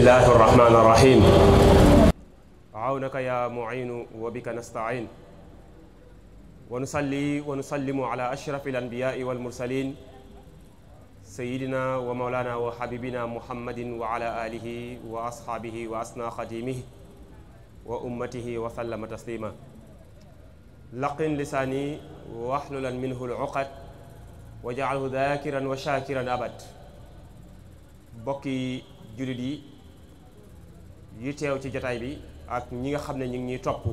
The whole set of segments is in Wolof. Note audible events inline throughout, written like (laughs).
bismillahi arrahmani arrahim awnaka ya muinu wa bika nastain wa nusalli wa nusallimu ala ashrafi alanbiyai walmursalin sayidina wa maulana wa habibina muhammadin wa ala alihi wa ashaabihi wa asna xadimihi wa ummatihi wa sallama taslima laqin lisaani waxlulan minhu luqat wa jaalhu daakiran wa shaakiran abad bokki julit yi yu teew ci jataay bi ak ñi nga xam ne ñu ngi ñuy topp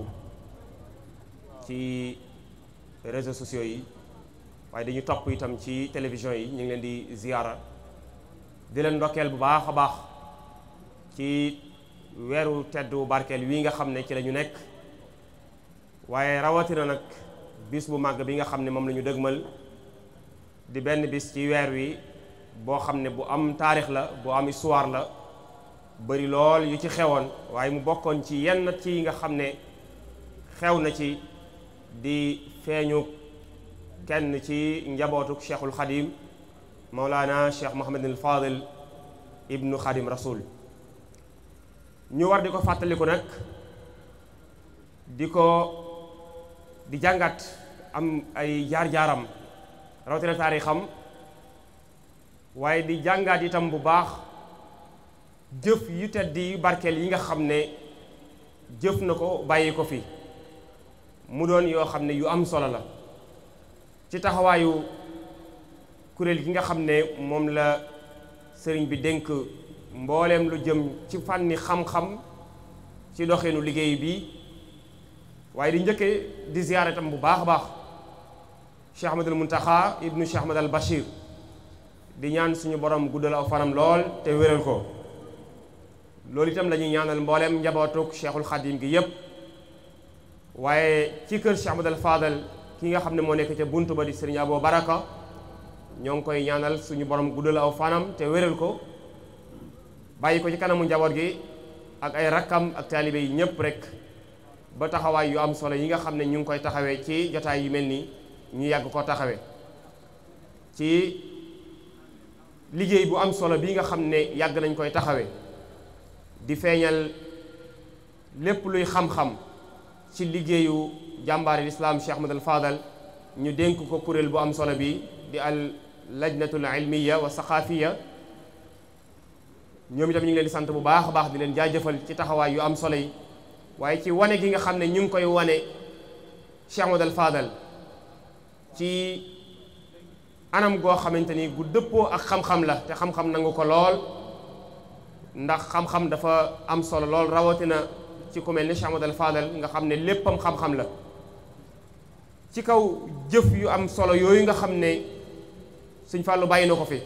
ci réseaux sociaux yi waaye dañu topp itam ci télévision yi ñu ngi leen di ziyaara di leen ndokkeel bu baax a baax ci weeru tedd bu barkeel wi nga xam ne ci la ñu nekk waaye rawatina nag bis bu màgg bi nga xam ne moom lañu ñu dëgmal di benn bis ci weer wi boo xam ne bu am taarix la bu am histoire la bari lool yu ci xewoon waaye mu bokkoon ci yenn ci yi nga xam ne xew na ci di feeñu kenn ci njabootu cheikhul xadim maolaana cheikh mohamadin al fadil ibnu xadim rasul ñu war di ko fàttaliku nag di ko di jàngat am ay jaar-jaaram rawatina taarixam waaye di jàngaat itam bu baax jëf yu tedd yu barkeel yi nga xam ne jëf na ko bàyyi ko fi mu doon yoo xam ne yu am solo la ci taxawaayu kuréel gi nga xam ne moom la sëriñ bi dénk mbooleem lu jëm ci fànni xam-xam ci doxeenu liggéey bi waaye di njëkke di ziyaare tam bu baax a baax Cheikh Ahmadul Muntaxa ibnu Cheikh Ahmad al Bachir di ñaan suñu borom guddal aw fanam lool te wéral ko loolu itam la ñuy ñaanal mbooleem njabootuk cheikhul xadim gi yépp waaye ci kër Cheikh dal Fadal ki nga xam ne moo nekk ca buntu ba di sëriñ Abo Baraka ñoo ngi koy ñaanal suñu borom guddal aw fanam te wéral ko bàyyi ko ci kanamu njaboot gi ak ay rakkam ak taalibe yi ñëpp rek ba taxawaay yu am solo yi nga xam ne ñu ngi koy taxawee ci jotaay yu mel nii ñu yàgg ko taxawee ci liggéey bu am solo bi nga xam ne yàgg nañ koy taxawee di feeñal lépp luy xam-xam ci liggéeyu jàmbaari lislaam Cheikh Ahmad al Fadal ñu dénk ko kuréel bu am solo bi di al lajnatul ilmiya wa saxaafiya ñoom itam ñu ngi leen di sant bu baax a baax di leen jëfal ci taxawaay yu am solo yi waaye ci wane gi nga xam ne ñu ngi koy wane Cheikh Ahmad al Fadal ci anam goo xamante ni gu dëppoo ak xam-xam la te xam-xam nangu ko lool ndax xam-xam dafa am solo lool rawatina ci ku mel ni Cheikh Fadal nga xam ne léppam xam-xam la ci kaw jëf yu am solo yooyu nga xam ne Sëñ Fallou bàyyi na ko fi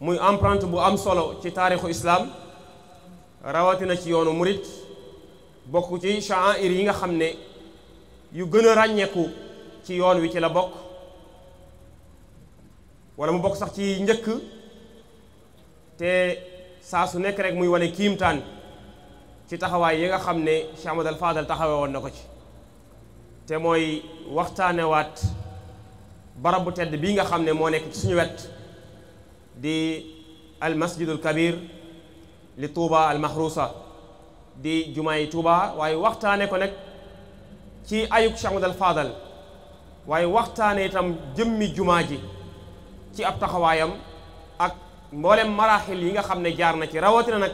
muy empreinte bu am solo ci taarixu islaam rawatina ci yoonu murit bokk ci sha'air yi nga xam ne yu gën a ràññeeku ci yoon wi ci la bokk wala mu bokk sax ci njëkk te saa su nekk rek muy wane kiimtaan ci taxawaay yi nga xam ne Cheikh Ahmadou Fadal taxawe woon na ko ci te mooy waxtaanewaat barab bu tedd bii nga xam ne moo nekk ci suñu wet di al masjidul kabir li Touba al di jumaa yi tuuba waaye waxtaane ko nag ci ayuk Cheikh Ahmadou waaye waxtaane itam jëmmi jumaa ji ci ab taxawaayam ak mboolem maraaxil yi nga xam ne jaar na ci rawatina nag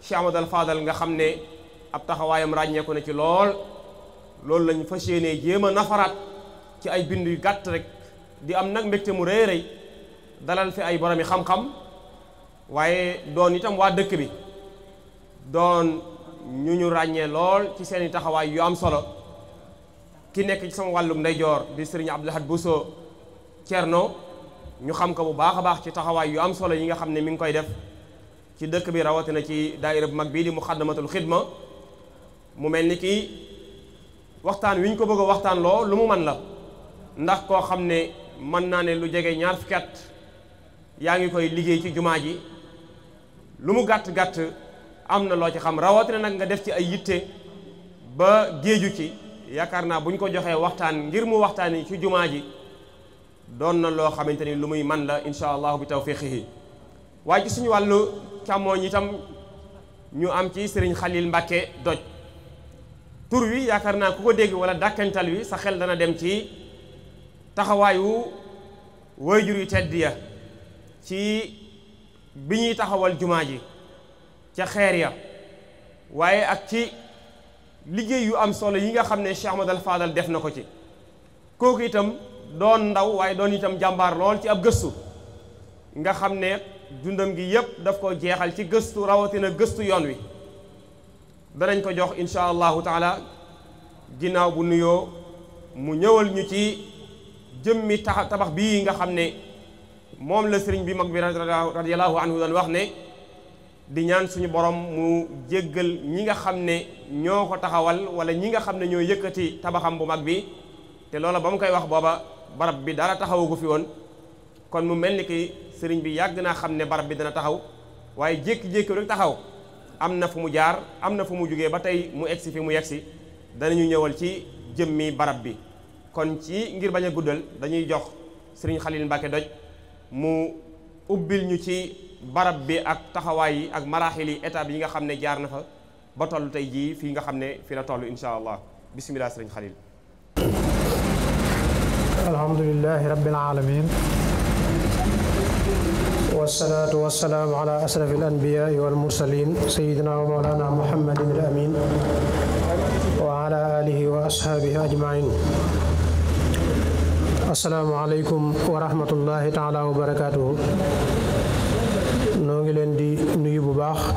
Cheikh Amadou Fadal nga xam ne ab taxawaayam ràññeeku na ci lool loolu lañu fa yéenee jéem a nafaraat ci ay bind yu gàtt rek di am nag mbégte mu rëy rey dalal fi ay boromi xam-xam waaye doon itam waa dëkk bi doon ñu ñu ràññee lool ci seeni taxawaay yu am solo ki nekk ci sama wàllum ndeyjoor di sëriñ Abdoul Ahad Bousso Thierno ñu xam ko bu baax a baax ci taxawaay yu am solo yi nga xam ne mu ngi koy def ci dëkk bi rawatina ci daayira bu mag bii di muxaddamatul xidma mu mel ni kii waxtaan wi ñu ko bëgg a waxtaan loo lu mu man la ndax koo xam ne mën naa ne lu jege ñaar fukki yaa ngi koy liggéey ci jumaa ji lu mu gàtt gàtt am na loo ci xam rawatina nag nga def ci ay yitte ba géeju ci yaakaar naa bu ñu ko joxee waxtaan ngir mu waxtaan ci jumaa ji doon na loo xamante ni lu muy man la incha allahu bi tawfiqihi waaye ci suñu wàllu càmmooñ itam ñu am ci sëriñ Xalil Mbàkke doj tur wi yaakaar naa ku ko dégg wala dàkkantal wi sa xel dana dem ci taxawaayu wayjur yu tedd ya ci bi ñuy taxawal jumaa ji ca xeer ya waaye ak ci liggéey yu am solo yi nga xam ne Cheikh Ahmadou Fadal def na ko ci kooku itam doon ndaw waaye doon itam jàmbaar lool ci ab gëstu nga xam ne jundam gi yépp daf ko jeexal ci gëstu rawatina gëstu yoon wi danañ ko jox insha allahu taala ginnaaw bu nuyoo mu ñëwal ñu ci jëmmi tax tabax bii nga xam ne moom la sëriñ bi mag bi radiallahu anhu wax ne di ñaan suñu borom mu jéggal ñi nga xam ne ñoo ko taxawal wala ñi nga xam ne ñoo yëkkati tabaxam bu mag bi te loola ba mu koy wax booba barab bi dara taxawagu fi woon kon mu mel ni ki sëriñ bi yàgg naa xam ne barab bi dana taxaw waaye jékki-jékki rek taxaw am na fu mu jaar am na fu mu jógee ba tey mu egsi fi mu yegsi danañu ñëwal ci jëmmi barab bi kon ci ngir bañ a guddal dañuy jox sëriñ Xalil Mbàkke doj mu ubbil ñu ci barab bi ak taxawaay yi ak maraaxil yi étape yi nga xam ne jaar na fa ba toll tey jii fii nga xam ne fi la toll incha allah bisimilah sëriñ Xalil alhamdulilahi rabbil alamin wasalaatu wasalaamu ala ashraf al anbiyaai wal mursalin sayidina wa mawlana muhammadin al amin wa ala alihi wa ashaabihi ajmain asalaamu aleykum wa rahmatullahi taala wa barakatuhu noo ngi leen di nuyu bu baax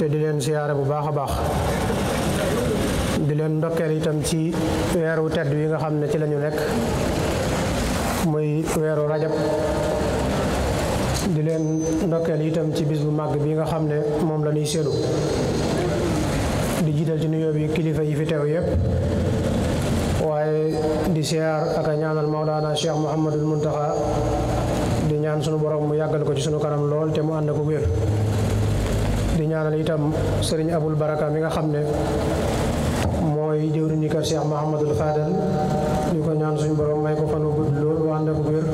te di leen siyaare bu baax a baax leen ndokkeel tam ci weeru tedd wi nga xam ne ci lañu ñu nekk muy weeru rajab di leen ndokkeel itam ci bis bu màgg bi nga xam ne moom la ñuy séenu di jiital ci nuyoo bi kilifa yi fi teew yëpp waaye di siyaar ak a ñaanal Maulana Cheikh Mouhamadul Muntaxa di ñaan sunu borom mu yàggal ko ci sunu kanam lool te mu ànd ko wér di ñaanal itam sëriñ abul baraka mi nga xam ne mooy jëwriñu kër Cheikh Mahamadul Fadal ñu ko ñaan suñu borom may ko fan wu gudd lool bu ànd ak wér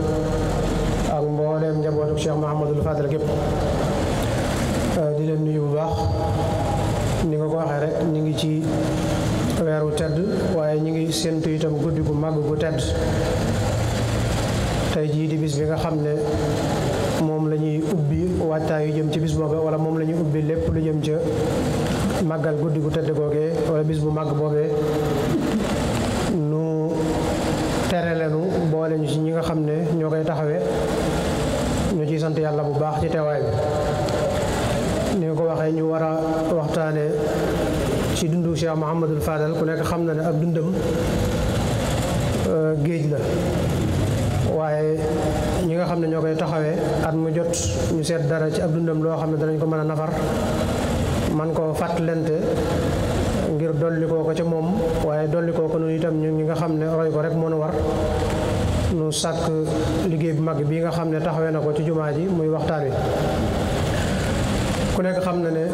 ak mbooleem njabootu Cheikh Mahamadul Fadal gépp euh, di leen nuyu bu baax ni nga ko waxee rek ñu ngi ci weeru tedd waaye ñu ngi séentu itam guddi gu màgg gu tedd tey jii di bis bi nga xam ne moom lañuy ubbi waajtaay yu jëm ci bis booba wala moom la ubbi lépp lu jëm ca màggal guddi ku tëdd googee wala bis bu màgg boobee nu tere leenu boole ñu ci ñi nga xam ne ñoo koy taxawee ñu ciy sant yàlla bu baax ci teewaay bi ni nga ko waxee ñu war a waxtaane ci dundu Cheikh Mouhamadul Fadal ku nekk xam na ne ak dundam euh, géej la waaye ñi nga xam ne ñoo koy taxawee at mu jot ñu seet dara ci ab dundam loo xam ne danañ ko mën a nafar man koo fàttalante ngir dolli koo ko ca moom waaye dolli koo ko noonu itam ñu ñi nga xam ne roy ko rek moo nu war nu sàkk liggéey bu mag bi nga xam ne taxawee na ko ci jumaa ji muy waxtaan wi ku nekk xam na ne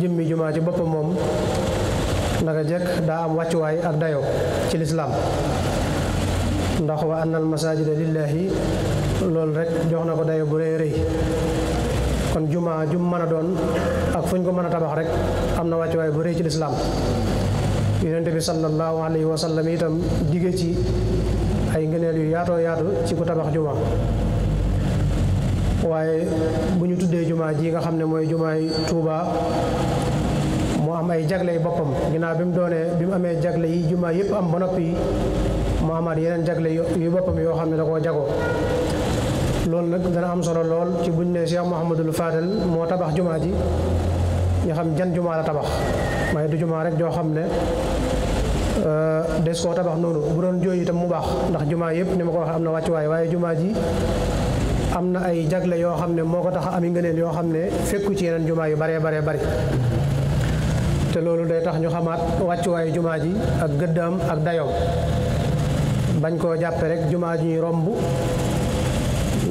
jëmmi jumaa ji boppam moom naka jekk daa am wàccuwaay ak dayo ci lislaam ndax wa annal masaajida lillaahi loolu rek jox na ko dayo bu rëy rëy kon jumaa jum mën a doon ak fuñ ko mën a tabax rek am na wàccuwaay bu rëy ci lislaam yonent bi sallallahu alayhi wa sallam itam digge ci ay ngëneel yu yaatoo yaatu ci ku tabax juma waaye bu ñu tuddee jumaa ji nga xam ne mooy jumaay Tuuba moo am ay jagle boppam ginnaaw bi mu doonee bi mu amee jagle yi jumaa yëpp am ba noppi mu amaat yeneen jagle yu boppam yoo xam ne da koo jagoo loolu nag dana am solo lool ci buñ ne Cheikh Mouhamadul Fadal moo tabax jumaa ji ñu xam jan jumaa la tabax waaye du jumaa rek joo xam ne euh, des koo tabax noonu bu doon jooy itam mu baax ndax jumaa yëpp ni ma ko waxee am na wàccuwaay waaye jumaa ji am na ay jagle yoo xam ne moo ko tax ami ngëneel yoo xam ne fekku ci yeneen jumaa yu bare bare bari te loolu day tax ñu xamaat wàccuwaayu jumaa ji ak gëddaam ak dayoom bañ koo jàppe rek jumaa ji ñuy romb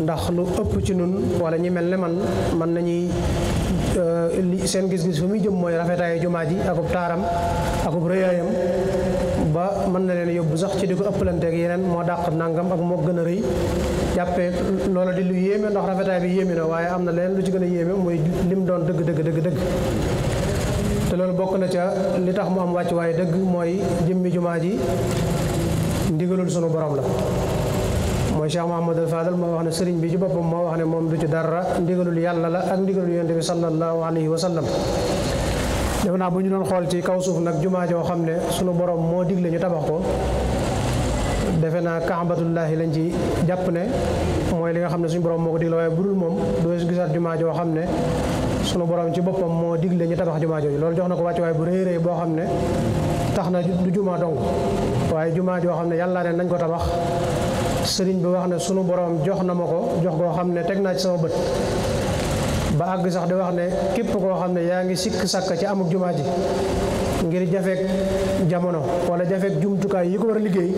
ndax lu ëpp ci nun wala ñi mel ni man mën nañuy euh, li seen gis-gis fu muy jëm mooy rafetaayu jumaa ji akub taaram akub rëyaayam ba mën na leen yóbbu sax ci di ko ëppalanteeg yeneen moo dàq nangam ak moo gën a rëy jàppee loola di lu yéeme ndax rafetaay bi yéeme na waaye am na leen lu ci gën a yéeme muy lim doon dëgg dëgg dëgg te loolu bokk na ca li tax mu am wàcc waaye dëgg mooy jëmmi jumaa ji ndigalul sunu borom la mooy Cheikh Mouhamadul Fadal moo wax ne sëriñ bi ci boppam moo wax ne moom du ci dara ndigalul yàlla la ak ndigalul yonte bi sallallahu alayhi wa sallam def naa bu ñu doon xool ci kaw suuf nag jumaa joo xam ne sunu borom moo digle ñu tabax ko defe naa kaabatullaahi lañ ci jàpp ne mooy li nga xam ne suñu borom moo ko digle waaye bu dul moom doo gisaat jumaa joo xam ne sunu borom ci boppam moo digle ñu tabax jumaa jooju loolu jox na ko waay bu rëy rëy boo xam ne tax na du jumaa dong waaye jumaa joo xam ne yàlla ne nañ ko tabax sëriñ bi wax ne sunu borom jox na ma ko jox koo xam ne teg naa ci sama bët ba àgg sax di wax ne képp koo xam ne yaa ngi sikk sàkk ci amuk jumaa ji ngir jafeek jamono walla jafeek jumtukaay yi ko war a liggéey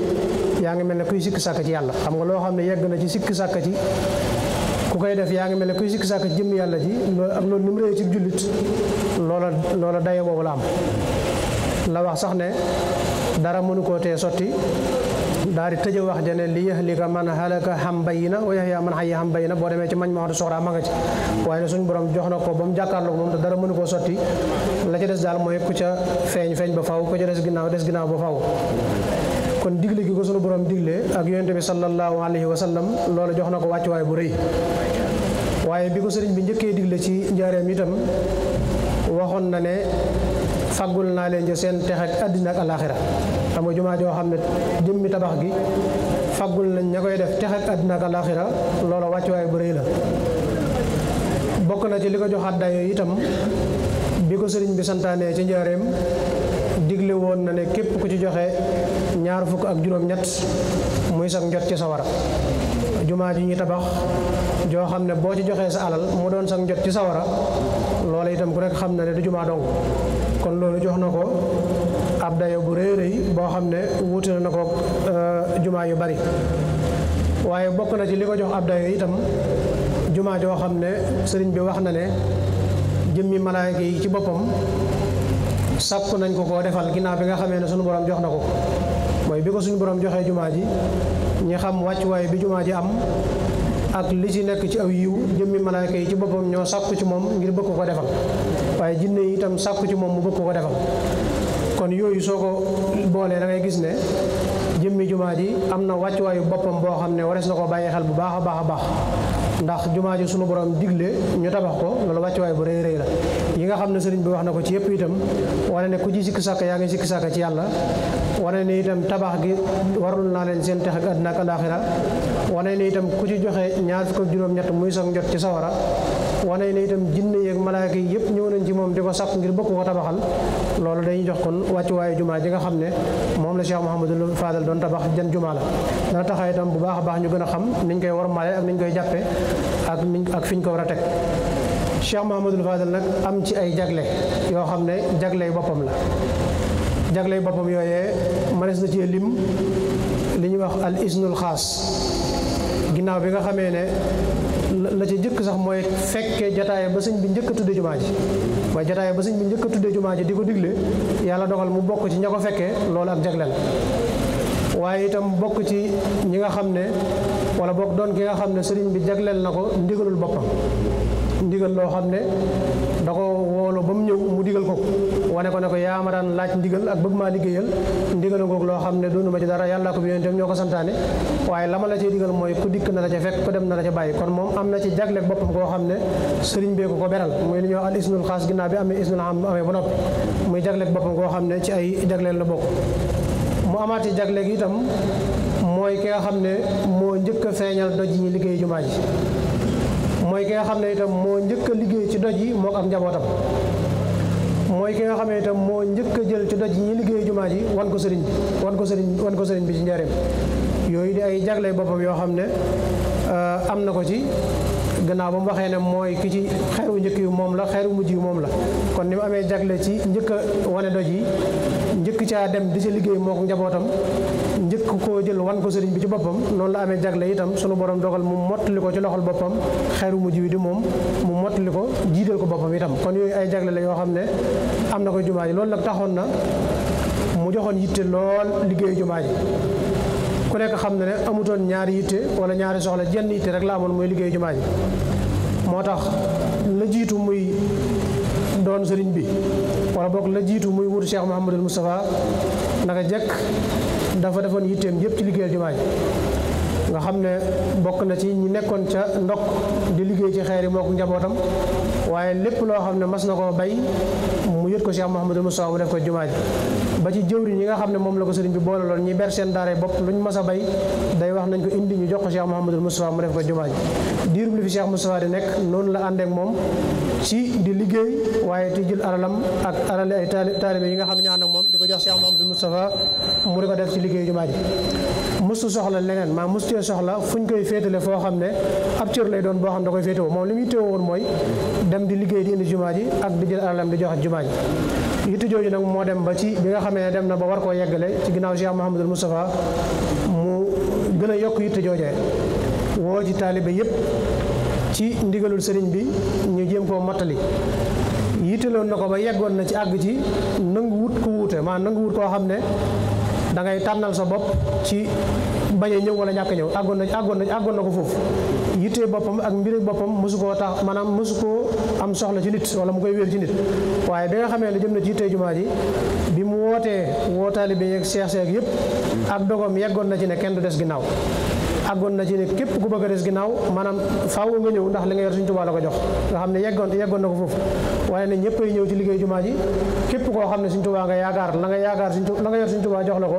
yaa ngi mel ne kuy sikk sàkk ci yàlla xam nga loo xam ne yegg na ci sikk sàkk ci ku koy def yaa ngi mel ne kuy sikk sàkk ci jëmm yàlla ji ak loolu ni mu réy ci jullit loola loola daye boobu la am la wax sax ne dara mënu koo te sotti daal di tëjë wax jane li yahlika man halaka xam bayi na wa yahya man hayya xam bayi na boo demee ci mañ maxatu soxraa ma nga ci waaye ne suñ borom jox na ko ba mu jàkkaarloog moom te dara mënu koo sotti la ca des daal mooy ku ca feeñ feeñ ba faw ku ginnaaw des ginnaaw ba faw kon digle gi ko sunu borom digle ak yonent bi sallallahu alayhi wa sallam loolu jox na ko wàccuwaay bu rëy waaye bi ko sëriñ bi njëkkee digle ci njaareem itam waxoon na ne faggul naa leen ci seen texe ak àddina ak alaaxira xam nga jumaa joo xam ne jëmmi tabax gi faggul nañ ña koy def texe ak àddina ak alaaxira loola wàccuwaay bu rëy la bokk na ci li ko joxaat dayo itam bi ko sëriñ bi santaanee ci njaareem digle woon na ne képp ku ci joxe ñaar fukk ak juróom-ñett muy sax njot ci sawara jumaa ji ñu tabax joo xam ne boo ci joxee sa alal mu doon sax njot ci sawara loola itam ku rekk xam na ne du jumaa dong kon loolu jox na ko ab dayo bu rëy rëy boo xam ne wuute na ko euh, jumaa yu bari waaye bokk na ci li jox ab dayo itam jumaa joo xam ne sëriñ bi wax na ne jëmmi malaayka yi ci boppam sàkku nañ ko koo defal ginaaw bi nga xamee ne sunu borom jox na ko mooy bi ko suñu borom joxee jumaa ji ñi xam wàccuwaay bi jumaa ji am ak li ci nekk ci aw yiw jëmmi malaayka yi ci boppam ñoo sàkku ci moom ngir bëgg ko defal waaye jinne yi itam sàkku ci moom mu bëgg ko defal kon yooyu soo ko boolee da ngay gis ne jëmmi jumaa ji am na wàccuwaayu boppam boo xam ne warees na ko bàyyi xel bu baax a baax a baax ndax jumaa ji sunu borom digle ñu tabax ko loolu wàccuwaay bu rëy rëy la nga xam ne sëriñ bi wax na ko ci yëpp itam wane ne ku ci sikki sàkk yaa ngi sikki sàkk ci yàlla wane ne itam tabax gi warul naa leen seen tex ak àddina ak alaaxira wane ne itam ku ci joxe ñaar fukk ak juróom-ñett muy sax njot ci sawara wane ne itam jinne yeeg malaaka yi yëpp ñëw nañ ci moom di ko sàkk ngir bëgg ko tabaxal loolu dañuy jox kon wàccuwaayu jumaa ji nga xam ne moom la Cheikh Mouhamadul Fadal doon tabax jan jumaa la dana taxa itam bu baax a baax ñu gën a xam niñ koy war maale ak niñ koy jàppe ak niñ ak fiñ ko war a teg Cheikh Mahamadul Fadal nag am ci ay jagle yoo xam ne jagley boppam la jagley boppam yooyee mënees na cee lim li ñuy wax al xaas ginnaaw bi nga xamee ne la ci njëkk sax mooy fekkee jataay ba sëñ bi njëkk a tuddee jumaa ji mooy jataay ba sëñ bi njëkk a tuddee jumaa ji di ko digle yàlla doxal mu bokk ci ña ko fekkee loolu ak jagle la waaye itam bokk ci ñi nga xam ne wala bokk doon ki nga xam ne sëriñ bi jagleel na ko ndigalul boppam ndigal loo xam ne da ko woolo ba mu ñëw mu digal ko wane ko ne ko yaa ma daan laaj ndigal ak bëgg maa liggéeyal ndigal ngoog loo xam ne doonu ma ci dara yàlla ko bi yonentam ñoo ko santaane waaye la la cay digal mooy ku dikk na la ca fekk ku dem na la ca bàyyi kon moom am na ci jaglek boppam koo xam ne sëriñ bee ko ko beral muy li ñuy wax al isnul xaas ginnaaw bi amee isnul am amee ba noppi muy jaglek boppam koo xam ne ci ay jagleel la bokk mu amaat ci jaglek itam mooy ki nga xam ne moo njëkk a feeñal doj yi ñu liggéey jumaa ji mooy ki nga xam ne itam moo njëkk a liggéey ci doj yi moo ko am njabootam mooy ki nga xam ne itam moo njëkk jël ci doj yi ñi liggéey jumaa ji wan ko sëriñ bi wan ko sëriñ wan ko sëriñ bi ci njaareem yooyu di ay jagley boppam yoo xam ne euh, am na ko ci gannaaw ba mu waxee ne mooy ki ci xeeru njëkk yu moom la xeeru mujj yu moom la kon ni mu amee jagle ci njëkk a wane doj yi njëkk caa dem di ca liggéey moo ko njabootam njëkk koo jël wan ko sëriñ bi ci boppam noonu la amee jagle itam sunu borom dogal mu mottali ko ci loxol boppam xeeru mujj wi di moom mu mottali ko jiital ko boppam itam kon yooyu ay jagle la yoo xam ne am na ko jumaa ji loolu nag taxoon na mu joxoon yitte lool liggéeyu jumaa ji ku nekk xam na ne amutoon ñaari yitte wala ñaari soxla jenn yitte rek la amoon muy liggéey jumaa ji moo tax la jiitu muy doon sëriñ bi wala boog la jiitu muy wut Cheikh Mouhamadul Moustapha naka jëkk dafa defoon yitteem yëpp ci liggéeyal jumaa ji nga xam ne bokk na ci ñi nekkoon ca ndox di liggéey ci xeer yi moo ko njabootam waaye lépp loo xam ne mas na koo bay mu yët ko Cheikh Mouhamadou Moussa mu def ko jumaa ji ba ci jëwriñ yi xam ne moom la ko sëriñ bi boole loon ñi ber seen daara bopp luñ mas a bay day wax nañ ko indi ñu jox ko Cheikh Mouhamadou Moussa mu def ko jumaa ji diirub li fi Cheikh Moussa di nekk noonu la àndeek moom ci di liggéey waaye ti jël alalam ak alali ay taalibe yi nga xam ne ñaan ak moom ko jox Cheikh Mamadou Moustapha mu di ko def ci liggéeyu jumaa ji mustu soxla leneen maa mustee soxla fu ñu koy féetale foo xam ne ab cër lay doon boo xam ne da koy féetewoo moom li muy téewoo woon mooy dem di liggéey di indi jumaa ji ak di jël alalam di joxe jumaa ji yitte jooju nag moo dem ba ci bi nga xamee ne dem na ba war koo yeggale ci ginnaaw Cheikh Mahamadul Moustapha mu gën a yokk yitte joojee woo ci taalibe yëpp ci ndigalul sëriñ bi ñu jéem koo mottali yitteloon na ko ba yeggoon na ci àgg ci nanguwut wut ku wuute maa nangu wut koo xam ne dangay tànnal sa bopp ci bañ a ñëw wala ñàkk ñëw àggoon na àggoon na àggoon na ko foofu yittee boppam ak mbiri boppam mosu koo tax maanaam mosu koo am soxla ci nit wala mu koy wér ci nit waaye bi nga xamee ne jëm na ci yittee jumaa ji bi mu wootee woo taalibe yeeg seex seeg yëpp ak dogoom yeggoon na ci ne kenn du des ginnaaw àggoon na ci ne képp ku bëgg a des ginnaaw maanaam faaw nga ñëw ndax li nga yor suñ Tuubaa la ko jox nga xam ne yeggoon yeggoon na ko foofu waaye ne ñëpp ay ñëw ci liggéey jumaa ji képp koo xam ne suñ Tuubaa nga yaakaar la nga yaakaar suñ la nga jox la ko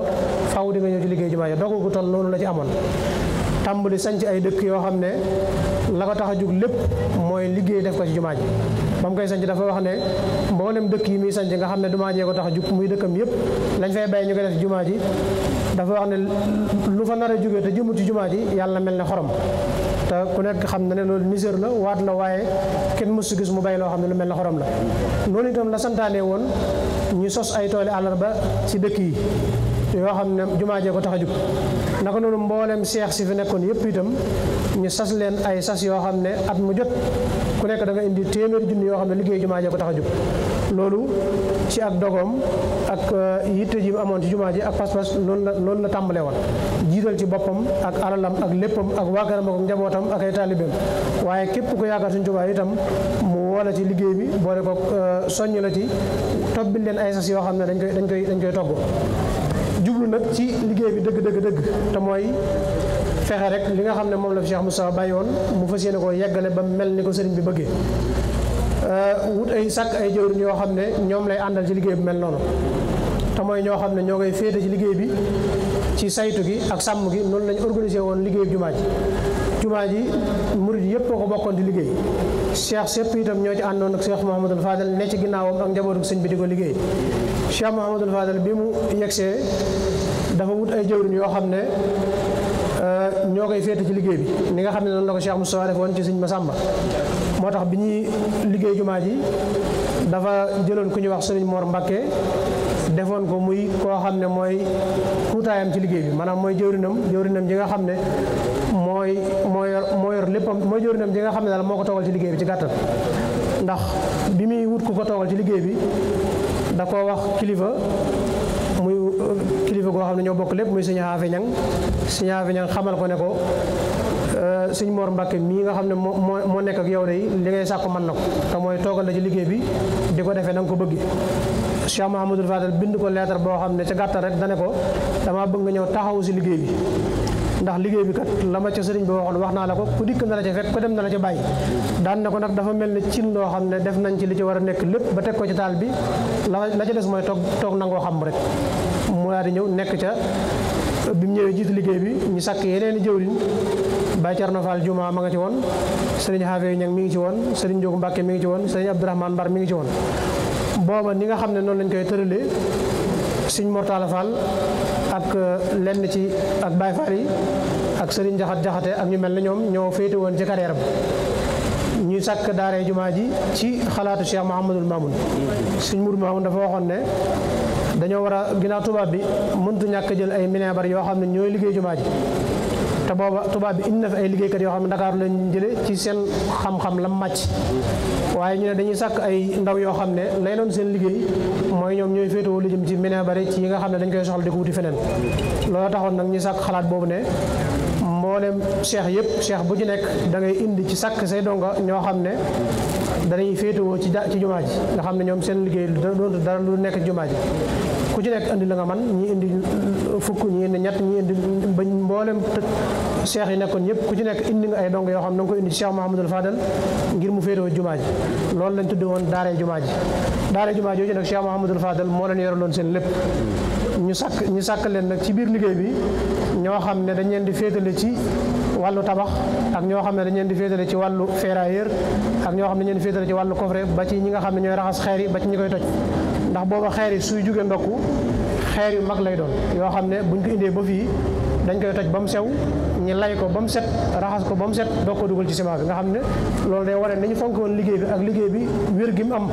faaw di nga ñëw ci liggéey jumaa ji dogu gu toll noonu la ci amoon tàmbali sanc ay dëkk yoo xam ne la ko tax a jóg lépp mooy liggéey def ko ci jumaa ji ba mu koy sanc dafa wax ne mboolem dëkk yi muy sanc nga xam ne jumaa jee ko tax a jug muy dëkkam yëpp lañ fay bay ñu koy def ci jumaa ji dafa wax ne lu fa nar a jógee te jëmut ci jumaa ji yàlla mel ne xorom te ku nekk xam na ne loolu misère la waat la waaye kenn mësu gis mu bay loo xam ne lu mel ne xorom la loolu itam la santaane woon ñu sos ay tooli ba ci dëkk yi yoo xam ne jumaa jee ko tax a jóg naka noonu mboolem seex si fi nekkoon yëpp itam ñu sas leen ay sas yoo xam ne at mu jot ku nekk danga nga indi téeméeri junni yoo xam ne liggéey jumaa jee ko tax a jóg loolu ci ak dogoom ak uh, yitte ji mu amoon ci jumaa ji ak pas-pas loolu la loolu la tàmbalee woon jiital ci boppam ak alalam ak léppam ak waakaram ak njabootam ak ay taalibeem waaye képp ku yaakaar suñu Tuubaa itam mu woo ci liggéey bi boole ko uh, soññ la ci tobbil leen ay sas yoo xam ne dañ koy dañ koy dañ koy togg jublu nag ci liggéey bi dëgg dëgg dëgg te mooy fexe rek li nga xam ne moom la fi Cheikh Moustapha bàyyi woon mu fa yéene ko yeggale ba mel ni ko sëriñ bi bëggee euh, wut ay sàkk ay jëwriñ yoo xam ne ñoom lay àndal ci liggéey bu mel noonu te mooy ñoo xam ne ñoo ngay féete ci liggéey bi ci saytu gi ak sàmm gi noonu lañ organisé woon liggéey jumaa ji jumaa ji murid yëpp a ko bokkoon di liggéey cheikh sépp itam ñoo ci àndoon ak cheikh Mouhamadul Fadal ne ci ginnaawam ak njabootu sëñ bi di ko liggéey cheikh Mouhamadul Fadal bi mu yegsee dafa wut ay jëwriñ yoo xam ne euh, ñoo koy féete ci liggéey bi ni nga xam ne noonu la ko cheikh Moustapha defoon ci sëñ Massamba moo tax bi ñuy liggéey jumaa ji dafa jëloon ku ñuy wax Sëriñ Mor Mbakke defoon ko muy koo xam ne mooy kuutaayam ci liggéey bi maanaam mooy jëwrinam jëwrinam ji nga xam ne mooy mooy mooy yor mooy jëwrinam ji xam ne daal moo ko toogal ci liggéey bi ci gàttal ndax bi muy wut ku ko toogal ci liggéey bi da koo wax kilifa muy kilifa koo xam ne ñoo bokk lépp muy Sëñ Aafe Ñaŋ Sëñ Aafe Ñaŋ xamal ko ne ko Euh, suñ Mor Mbacke mii nga xam ne moo moo nekk ak yow de li ngay sàkku mën na ko te mooy toogal la ci liggéey bi di ko defee na ko bëgg Cheikh Mahamadul Fadal bind ko lettre boo xam ne ca gàttal rek dane ko dama bëgg nga ñëw taxaw si liggéey bi ndax liggéey bi kat la ma ca sëriñ bi waxoon wax naa la ko ku dikk na la dem na la ca bàyyi daan na ko nag dafa mel ne cin loo xam ne def nañ ci li ci war a nekk lépp ba teg ko ci taal bi la la ca des mooy toog toog nangoo xam rek mu daal di ñëw nekk ca bi mu ñëwee jiitu liggéey bi ñu sàkk yeneen i jëwriñ Baye Thierno ma nga ci woon Serigne Xaafee Ñang mi ngi ci woon Serigne Njóogu Mbàkke mi ngi ci woon Serigne Abdourahmane Mbar mi ngi ci woon booba ni nga xam ne noon lañ koy tëralee Serigne Mortala ak uh, lenn ci ak Baye Fall yi ak Serigne Jaxat Jaxate ak ñu mel ne ñoom ñoo féete woon ci carrière ba ñu sàkk daaree jumaa ji ci xalaatu Cheikh Mouhamadul Mamoun suñ Mourou Mamoun dafa waxoon ne dañoo war a ginnaaw tubaab bi mëntu ñàkk jël ay minebar yoo xam ne ñooy liggéey jumaa ji te booba tubaab bi indi na fi ay kat yoo xam ne Dakar lañ jële ci seen xam-xam la màcc waaye ñu ne dañuy sàkk ay ndaw yoo xam ne lay doon seen liggéey mooy ñoom ñooy féetewoo lu jëm ci mine bari ci yi nga xam ne dañ koy soxla di ko wuti feneen looloo taxoon nag ñu sàkk xalaat boobu ne mboolem cheikh yëpp cheikh bu ci nekk da ngay indi ci sàkk say donga ñoo xam ne danañ féetewoo ci ci jumaa ji nga xam ne ñoom seen liggéey doontu dara lu nekk jumaa ji ku ci nekk indi la nga man ñi indi fukk ñi ñett ñi bañ mboolem cheikh yi nekkoon ñëpp ku ci nekk indi ay dong yoo xam ne nga koy indi cheikh Mahamadul Fadal ngir mu féetewoo jumaa ji loolu lañ tuddi woon daaree jumaa ji daaree jumaa ji yooyu nag cheikh Mahamadul Fadal moo leen yoraloon seen lépp ñu sàkk ñu sàkk leen nag ci biir liggéey bi ñoo xam ne dañ leen di féetale ci wàllu tabax ak ñoo xam ne dañ leen di féetale ci wàllu ferrailleur ak ñoo xam ne dañ féetale ci wàllu coffre ba ci ñi nga xam ne ñooy raxas xeer yi ba ci ñi koy toj ndax booba xeer yi suy jóge ndokku xeer yu mag lay doon yoo xam ne buñ ko indee ba fii dañ koy toj ba mu sew ñi lay ko ba mu set raxas ko ba mu set doo ko dugal ci ciment bi nga xam ne loolu day waree nañu fonk woon liggéey bi ak liggéey bi wér gi mu am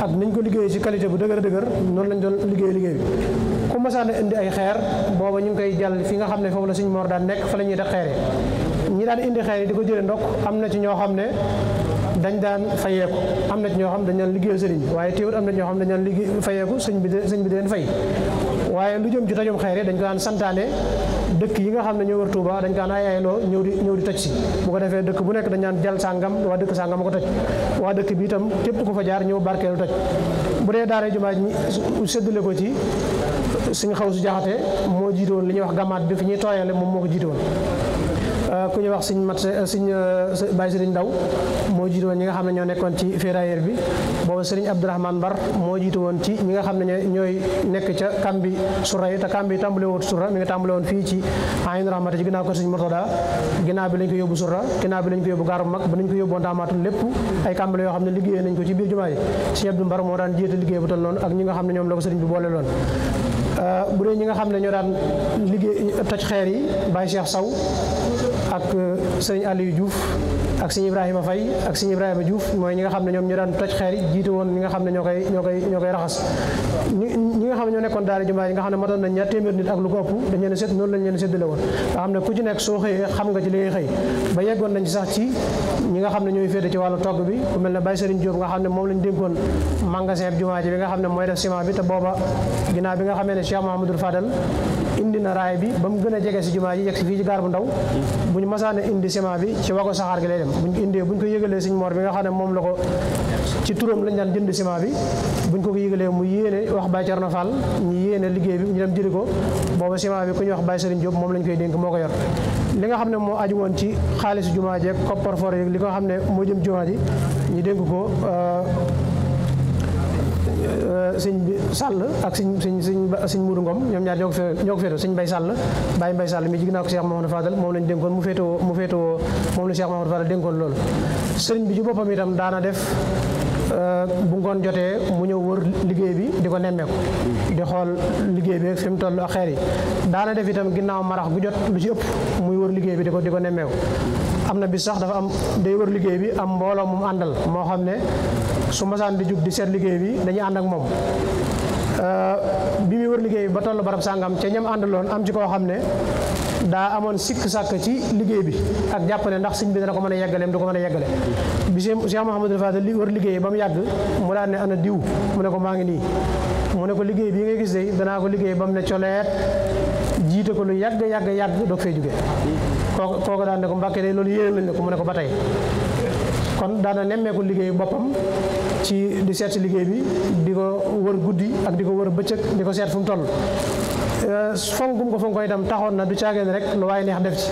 ak nañ ko liggéeyee ci qualité bu dëgër dëgër noonu lañ doon liggéey liggéey ku mësaan a indi ay xeer booba ñu ngi koy jàll fi nga xam ne foofu la suñu moor daan nekk fa la ñuy def xeer yi ñi daan indi xeer yi di ko jëlee ndokk am na ci ñoo xam ne dañ daan fayeeku am na ci ñoo xam dañ daan liggéeyu sëriñ bi waaye téewut am na ñoo xam dañ daan liggéey fayeeku sëñ bi sëñ bi di leen fay waaye lu jëm ci tojum xayre dañ ko daan santaane dëkk yi nga xam ne ñoo wër Touba dañ ko daan ay ayloo ñëw di ñëw di toj si bu ko defee dëkk bu nekk dañ daan jal sàngam waa dëkk sàngam a ko toj waa dëkk bi itam képp ku fa jaar ñëw barkeelu toj bu dee daara jumaa ñi séddale ko ci suñ xaw su jaxate moo jiitoon li ñuy wax gamaat bi ñuy tooyale moom moo ko jiitoon Euh, ku ñu wax suñ mat euh, suñ euh, Baye Serigne Ndaw moo jiitu woon ñi nga xam ne ñoo nekkoon ci ferrailleur bi boobu Serigne Abdourahmane Mbar moo jiitu woon ci ñi nga xam ne ñooy nekk ca kambi sura yi te kambi tàmbale woon sura mi ngi tàmbale woon fii ci Aïn Rahmati ci ginnaaw ko Serigne Mourtada ginnaaw bi lañ ko yóbbu bi lañ ko yóbbu gaaru mag ba nañ ko lépp ay kambi la xam ne liggéey nañ ko ci biir jumaa yi Serigne Abdou Mbar moo daan jiite liggéey bu tal noonu ak ñi ñi nga xam ne ñoo daan liggéey toj xeer yi Baye Cheikh Saw ak euh, sëñ Aliou Diouf ak sëñ a Faye ak sëñ Ibrahima Diouf mooy ñi nga xam ne ñoom ñu daan toj xeer yi jiitu woon ñi nga xam ne ñoo koy raxas ñi nga xam ne ñoo nekkoon daara jumaa yi nga xam ne matoon nañ xam ne ku ci xam ba yeggoon nañ sax ne ñooy féete bi ku mel xam ne moom lañ dénkoon magasin jumaa ji bi nga xam ne mooy def ciment bi te booba ginnaaw bi nga xamee ne Cheikh Mahamadou Fadal indi na raay bi ba mu gën a jege si jumaa ji yegg si fii ci gaar bu ndaw bu ñu masaane indi ciment bi ci wago buñ ko indee buñ ko yëgalee sëñ Mor bi nga xam ne moom la ko ci turam lañ daan jënd ciment bi buñ ko ko yëgalee mu yéene wax Baye Thierno Fall ñu yéene liggéey bi ñu dem jëli ko booba ciment bi ku ñuy wax Baye Serigne Diop moom lañ koy dénk moo ko yor li nga xam ne moo aju woon ci xaalisu jumaa jeeg koppar for yeeg li nga xam ne moo jëm jumaa ji ñu dénk ko euh, Euh, sëñ bi sàll ak sëñ sëñ sëñ sëñ Mourou ngoom ñoom ñaar ñoo ko fee ñoo ko féetoo sëñ Bay Sàll Baye Mbay Sàll mi jig naa ko Cheikh Mamadou Fadal moom lañ dénkoon mu féetoo mu féetoo moom la Cheikh Mamadou Fadal dénkoon loolu sëriñ bi ci boppam itam daana def euh, bu ngoon jotee mu ñëw wër liggéey bi di ko nemmeeku di xool liggéey bi fi mu toll ak xeer yi daana def itam ginnaaw marax gu jot lu ci ëpp muy wër liggéey bi di ko di ko nemmeeku am na bi sax dafa am day wër liggéey bi am mbooloo mu mu àndal moo xam ne su masaan di jug di seet liggéey bi dañuy ànd ak moom euh, bi muy war liggéey bi ba toll barab sàngam ca ñam àndaloon am ci koo xam ne daa amoon sikk sàkk ci liggéey bi ak jàpp ne ndax sëñ bi dana ko mën a yeggaleem du ko mën a yeggale bi Cheikh Mouhamadou Fadel li wër liggéey ba mu yàgg mu daal ne ana diw mu ne ko maa ngi nii mu ne ko liggéey bi ngay gis de danaa ko liggéey ba mu ne coleet jiite ko lu yàgg yàgg yàgg doog fee jóge kooku kooku daan ne ko mbàkke day loolu yéene lañ ne ko mu ne ko ba tey kon daana nemmeeku liggéey boppam ci di seet si liggéey bi di ko wër guddi ak di ko wër bëccëg di ko seet fu mu toll eh, fonkum ko fonk ko itam taxoon na du caageen rek lu waaye neex def ci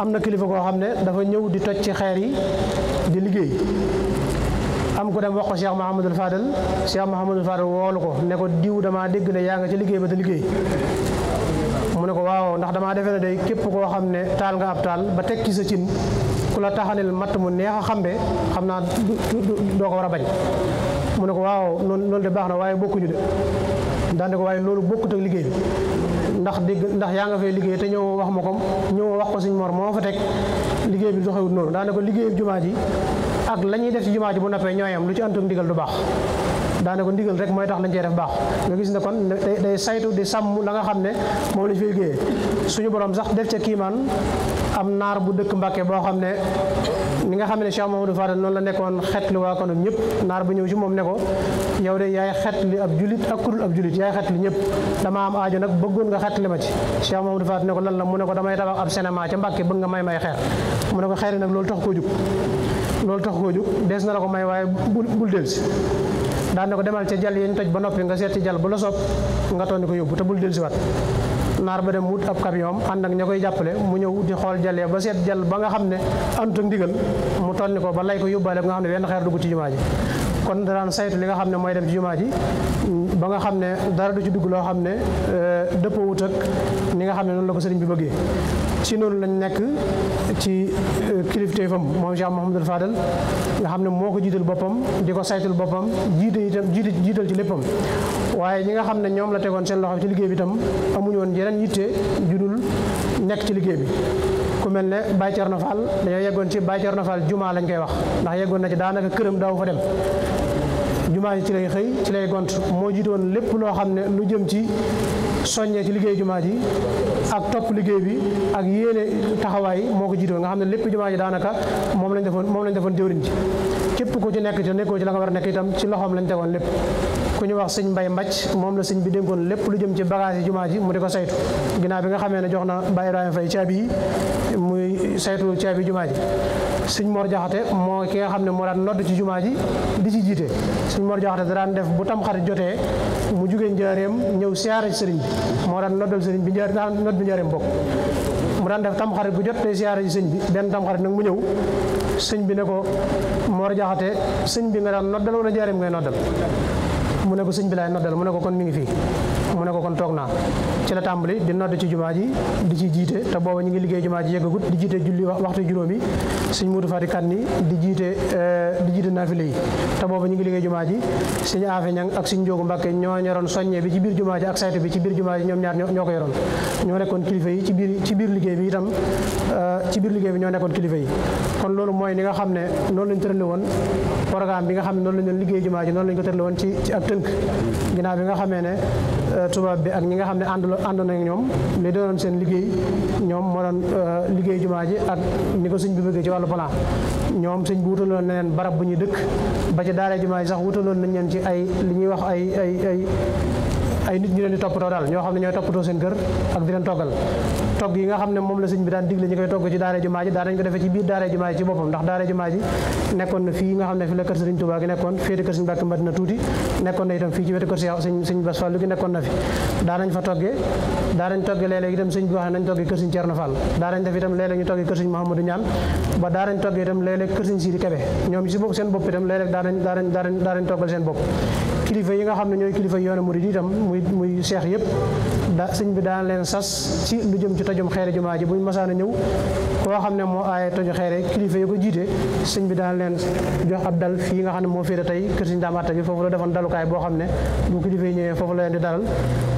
am na kilifa koo xam ne dafa ñëw di toj ci xeer yi di liggéey am ku dem wax ko Cheikh Mahamadul Fadal Cheikh Mahamadul Fadal woolu ko ne ko diw damaa dégg ne yaa nga ci liggéey ba te liggéey mu ne ndax damaa defe ne day képp koo xam ne taal nga ab taal ba teg ci sa cin ku la taxanil matt mu neex a xam xambe xam naa doo ko war a bañ mu ne ko waaw loolu de baax na waaye bokkuñu de ko waaye loolu bokkut ak liggéey ndax dégg ndax yaa nga fee liggéey te ñëw wax ma ko ñëw wax ko suñ mor moo fa teg liggéey bi doxewut noonu daande ko liggéey jumaa ji ak la ñuy def ci jumaa ji bu noppee ñooyam lu ci antum ndigal du baax daanaka ndigal rek mooy tax lañ cee def baax nga gis ne kon day saytu di sàmm la nga xam ne moom lañ fay géyee suñu borom sax def ca kiimaan am naar bu dëkk Mbàkke boo xam ne ni nga xam ne Cheikh Mamadou Fadal noonu la nekkoon xet li waa kanam ñëpp naar bu ñëw ci moom ne ko yow de yaay xet li ab julit ak kudul ab julit yaay xet ñëpp dama am aajo nag bëggoon nga xet ma ci Cheikh Mamadou Fadal ne ko lan la mu ne ko damay tabax ab cinéma ca Mbàkke bëgg nga may may xeer mu ne ko xeer yi nag loolu tax koo jug loolu tax koo jóg dees na la ko may waaye bul bul dellusi daan ko demal ca jal yi ñu toj ba noppi nga seeti jal ba la soob nga tonni ko yóbbu te bul dellusiwaat naar ba dem wut ab camion ànd ak ña koy jàppale mu ñëw di xool jalee ba seet jal ba nga xam ne antu ndigal mu tonni ko ba lay ko yóbbaale nga xam ne benn xeer dugg ci jumaa ji kon daan saytu li nga xam ne mooy dem ci jumaa ji ba nga xam ne dara du ci dugg loo xam ne euh, dëppoo wut ak ni nga xam ne noonu la ko bi bëggee ci noonu lañ nekk ci euh, kilifteefam moom Cheikh Mouhamadul Fadal nga xam ne moo ko jiital boppam di ko saytul boppam jiite itam jiite jiital ci léppam waaye ñi nga xam ne ñoom la tegoon seen loxo ci liggéey bi tam amuñu woon yeneen yitte ju dul nekk ci liggéey bi ku mel ne Baye Thierno Fall dañoo yeggoon ci Baye Thierno Fall jumaa lañ koy wax ndax yeggoon na ci daanaka këram daaw fa dem jumaa ji ci lay xëy ci lay gont moo jiitoon lépp loo xam ne lu jëm ci soññee ci liggéey jumaa ji ak topp liggéey bi ak yéene taxawaay moo ko jiitoon nga xam ne lépp jumaa ji daanaka moom lañ defoon moom lañ defoon jëwriñ ci képp ku ci nekk ci nekkoo ci la nga war a nekk itam ci loxoom lañ tegoon lépp ku ñu wax sëñ mbay mbacc moom la sëñ bi dénkoon lépp lu jëm ci bagage yi jumaa ji mu di ko saytu ginnaaw bi nga xamee ne jox na Baye Ibrahima Faye caabi yi muy saytu caabi jumaa ji sëñ Mor Jaxate moo ki nga xam ne moo daan nodd ci jumaa ji di ci jiite sëñ Mor Jaxate da def bu tam jotee mu jugee njaareem ñëw siyaare sëriñ bi moo daan noddal sëriñ bi njaar daan nodd bi njaareem bokk mu daan def tam xarit bu jot tey siyaare sëñ bi benn tam xarit nag mu ñëw sëñ bi ne ko Mor Jaxate sëñ bi nga daan noddal wala njaareem ngay noddal mu ne ko sëñ bi laay noddal mu ne ko kon mi ngi fii mu ne ko kon toog naa ci la tàmbali di nodd ci jumaa ji di ci jiite te booba ñu ngi liggéey jumaa ji yeggagut di jiite julli waxtu juróomi sëñ Muudu Fati Kanni di jiite eh, di jiite naafile yi te booba ñu ngi liggéey jumaa ji sëñ Aafe Ñang ak sëñ Njóogu Mbàkke ñoo ñoroon soññe bi ci biir jumaa ji ak saytu bi ci biir jumaa ji ñoom ñaar ñoo ko yoroon ñoo nekkoon kilifa yi ci biir ci biir liggéey bi itam eh, ci biir liggéey bi ñoo nekkoon kilifa yi kon loolu mooy ni nga xam ne noonu lañ tërale woon programme bi nga xam ne noonu lañ doon liggéey jumaa ji noonu lañ ko tërale woon ci ci ak tënk ginnaaw bi nga xamee ne Euh, tubaab bi ak ñi nga xam ne ànduloo ànd nañ ñoom li doonoon seen liggéey ñoom moo doon euh, liggéey jumaa ji ak ni ko sëñ bi bëggee ci wàllu plan ñoom sëñ bi wutaloon na leen barab bu ñuy dëkk ba ci daara jumaa ji sax wutaloon nañ leen ci ay li ñuy wax ay ay ay ay nit ñu leen di toppatoo daal ñoo xam ne ñooy toppatoo seen kër ak di leen toggal togg yi nga xam ne moom la sëñ bi daan digle ñu koy togg ci daara jumaa ji daanañ ko defee ci biir daara jumaa ji ci boppam ndax daara jumaa ji nekkoon na fii nga xam ne fi la kër sëriñ Tuubaa gi nekkoon féete kër sëriñ Mbàkke Madina tuuti nekkoon na itam fii ci wetu kër sëriñ sëriñ Bass Fallu gi nekkoon na fi daanañ fa toggee daanañ toggee léeg-léeg itam sëñ bi wax ne nañ toggee kër sëriñ Cerno Fall daanañ def itam léeg-léeg ñu toggee kër sëriñ Mouhamadou Ñaan ba daanañ toggee itam léeg-léeg kër sëriñ Sidi Kebe ñoom ci bopp seen bopp itam léeg-léeg daanañ daanañ daanañ toggal seen bopp kilifa yi nga xam ne ñooy kilifa yoonu murid itam muy muy seex yëpp da sëñ bi daan leen sas ci lu jëm ci tojum xeere jumaa ji buñ masaana ñëw koo xam ne moo aaye toju xeere kilifa yi ko jiite sëñ bi daan leen jox ab dal fii nga xam ne moo féete tey kër sëñ daam atta bi foofu la defoon dalukaay boo xam ne bu kilifa yi ñëwee foofu la leen di dalal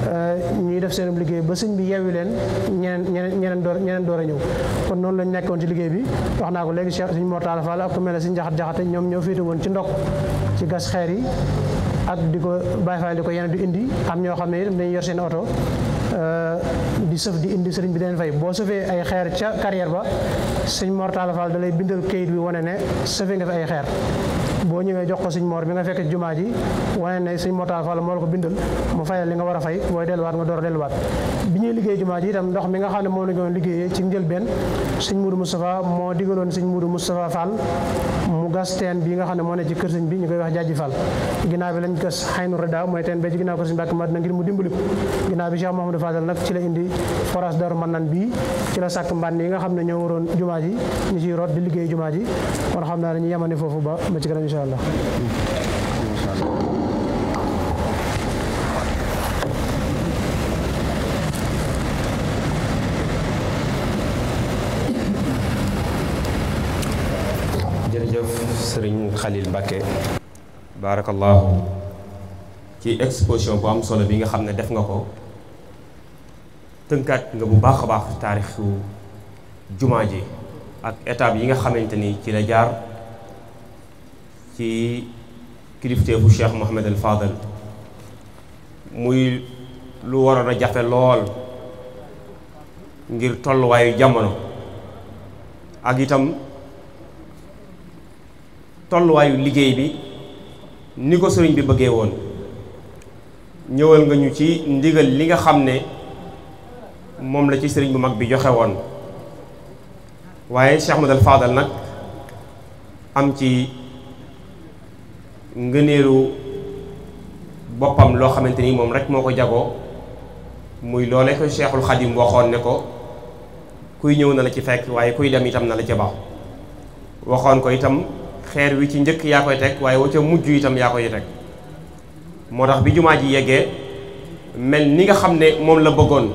euh, ñuy def seen liggéey ba sëñ bi yeewi leen ñeneen ñeneen ñeneen door ñeneen a ñëw kon noonu lañ nekkoon ci liggéey bi wax naa ko léegi sëñ Mor Talla Fall ak ku mel ne sëñ jaxat jaxate ñoom ñoo ak di ko Baay di ko yenn di indi am ñoo xam ne dañuy yor seen oto Euh, di sëf di indi sëriñ bi deen fay boo sëfee ay xeer ca carrière ba sëñ Mor Talla Fall da bindal kayit bi wane ne sëfee nga fi ay xeer boo ñëwee jox ko sëñ moor bi nga fekk jumaa ji wane ne sëñ Mor Talla moo la ko bindal mu fayal li nga war a fay booy delluwaat nga door a delluwaat bi ñuy liggéey jumaa ji itam ndox mi nga xam ne moom la ñu liggéeyee ci njëlbeen sëñ Mourou Moustapha moo digaloon sëñ Mourou Moustapha Fall mu gas teen bi nga xam ne moo ne ci kër sëñ bi ñu koy wax jaaj Fall ginnaaw bi lañ gas xaynu reda mooy teen ba ci ginnaaw kër sëñ Mbàkke Madina ngir mu dimbali ginnaaw bi Cheikh Mahamadou Fall waajal nag ci la indi forage Daaru Manaan bii ci la sàkk mbànd yi nga xam ne ñoo waroon jumaa ji ñu ciy root di liggéey jumaa ji kon xam naa dañuy yemane foofu ba ba ci kanam incha allah sëriñ Khalil Mbacke barakallahu ci exposition bu am solo bi nga xam ne def nga ko tënkaat nga bu baax a baax taarixu jumaa ji ak étape yi nga xamante ni ci la jaar ci bu Cheikh Mohammed El Fadel muy lu waroon a jafe lool ngir tolluwaayu jamono ak itam tolluwaayu liggéey bi ni ko sëriñ bi bëggee woon ñëwal nga ñu ci ndigal li nga xam ne moom la ci sëriñ bu mag bi joxe woon waaye Cheikh Ahmadou Fadal nag am ci ngëneelu boppam loo xamante ni moom rek moo ko jagoo muy loole ko Cheikhul Xadim waxoon ne ko kuy ñëw na la ci fekk waaye kuy dem itam na la ci baax waxoon ko itam xeer wi ci njëkk yaa koy teg waaye wa ca mujj itam yaa koy teg moo tax bi jumaa ji yeggee mel ni nga xam ne moom la bëggoon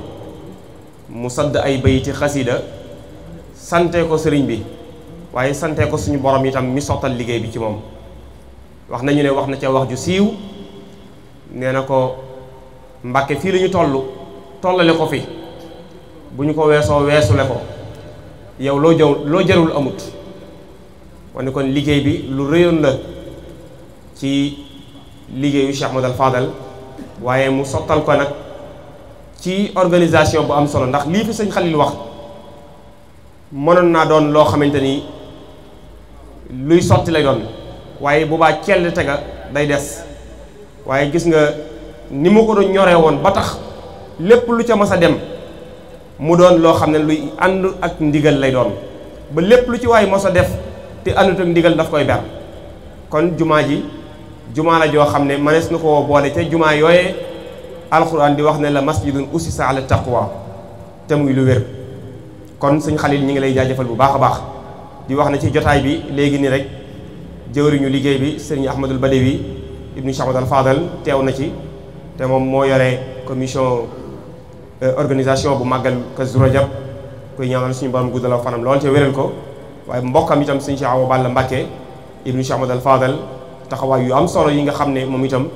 mu sadd ay bayti xasida sante ko sëriñ bi waaye sante ko suñu borom itam mi sottal liggéey bi ci moom wax nañu ne wax na ca wax ju siiw nee na ko mbàkke fii la ñu toll tollale ko fi bu ñu ko weesoo weesule ko yow loo jaw loo jarul amut wane kon liggéey bi lu rëyoon la ci liggéeyu Cheikh Modou Fadal waaye mu sottal ko nag ci organisation bu am solo ndax lii fi sëñ Xalil wax mënoon naa doon loo xamante ni luy sotti lay doon waaye boobaa cell tega day des waaye gis nga ni mu ko doon ñoree woon ba tax lépp lu ca mas a dem mu doon loo xam ne luy ànd ak ndigal lay doon ba lépp lu ci waaye mas a def te àndut ak ndigal daf koy ber kon jumaa ji jumaa la joo xam ne mënees na koo boole ca jumaa yooye alxuraan di wax ne la masjidun ussisa ala taqwa te muy lu wér kon suñ xalit ñi ngi lay jaajëfal bu baax a baax di wax na ci jotaay bi léegi nii rek jëwriñu liggéey bi sëriñ ahmadul wi ibnu shahmad al fadal teew na ci te moom moo yore commission euh, organisation bu màggal Kazu Rajab koy ñaanal suñ borom guddalaw fanam lool te wéral ko waaye mbokkam itam suñ Cheikh Awa Balla Mbàkke ibnu Cheikh Ahmad al Fadal taxawaay yu am solo yi nga xam ne moom itam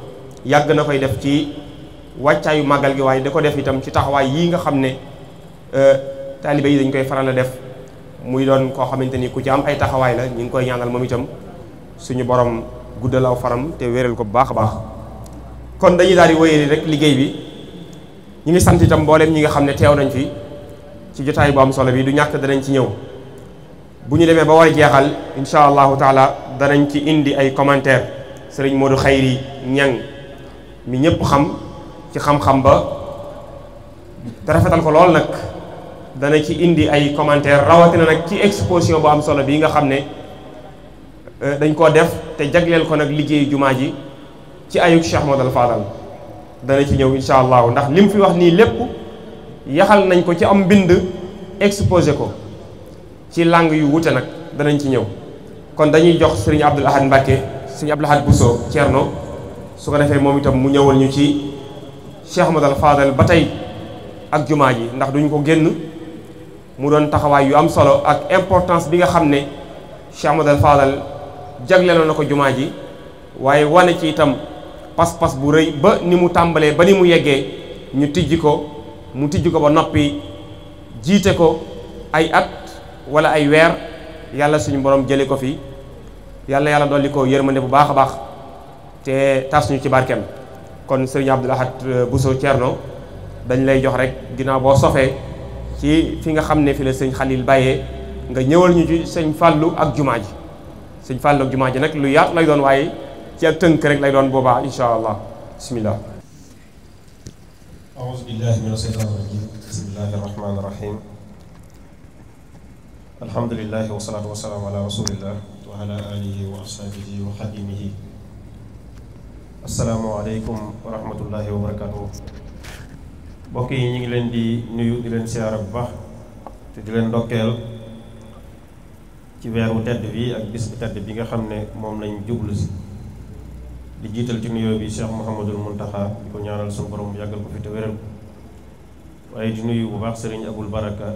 wàccaayu màggal gi waaye da ko def itam ci taxawaay yii nga xam ne euh, taalibe yi dañ koy faral a def muy doon koo xamante ni ku ci am ay taxawaay la ñu ngi koy ñaanal moom itam suñu borom guddal aw faram te wéral ko bu baax a baax kon dañuy daal di wéyale rek liggéey bi ñu ngi sant itam mbooleem ñi nga xam ne teew nañ fi ci jotaay bu am solo bi du ñàkk danañ ci ñëw bu ñu demee ba war jeexal incha allahu taala danañ ci indi ay commentaire sëriñ Modou Khayri Ñang mi xam ci xam-xam ba te rafetal ko lool nag dana ci indi ay commentaire rawatina nag ci exposition bu am solo bii nga xam ne euh, dañ koo def te jagleel ko nag liggéeyu jumaa ji ci ayuk Cheikh Modou Fadal dana ci ñëw incha allahu ndax li mu fi wax nii lépp yaxal nañ ko ci am mbind exposé ko ci langue yu wute nag danañ ci ñëw kon dañuy jox sëriñ Abdoul Ahad Mbacke sëriñ Abdoul Ahad Bousso Thierno su ko defee moom itam mu ñëwal ñu ci Cheikh Ahmadal Fadal ba tey ak jumaa ji ndax duñu ko génn mu doon taxawaay yu am solo ak importance bi nga xam ne Cheikh Ahmadal Fadal jagleeloon na ko jumaa ji waaye wane ci itam pas-pas bu rëy ba ni mu tàmbalee ba ni mu yeggee ñu tijji ko mu tijj ko ba noppi jiite ko ay at wala ay weer yàlla suñu borom jële ko fii yàlla yàlla dolli ko yërmande bu baax a baax te tas ñu ci barkeem kon sëriñ Abdou Lahad euh, Bousso Thierno dañ lay jox rek ginaaw boo sofee ci fi nga xam ne fi la sëñ Xalil bàyyee nga ñëwal ñu ci sëñ Fàllu ak jumaa ji sëñ Fàllu ak ji nag lu yàq lay doon waaye ci tënk rek lay doon boobaa insha allah bismillah أعوذ بالله من الشيطان الرجيم بسم الله الرحمن الرحيم الحمد لله والصلاة والسلام asalaamaaleykum wa rahmatullahi wa barakaatu. mbokk yi ñu ngi leen di nuyu di leen siyaara bu baax te di leen ndokkeel ci weeru tedd bi ak bis bu tedd bi nga xam ne moom lañ jublu si. di jiital ci nuyoo bi Cheikh Mouhamadul Muntaxa di ko ñaanal suñu borom yàggal ko fi te wéral ko waaye di nuyu bu baax sëriñ Abul Baraka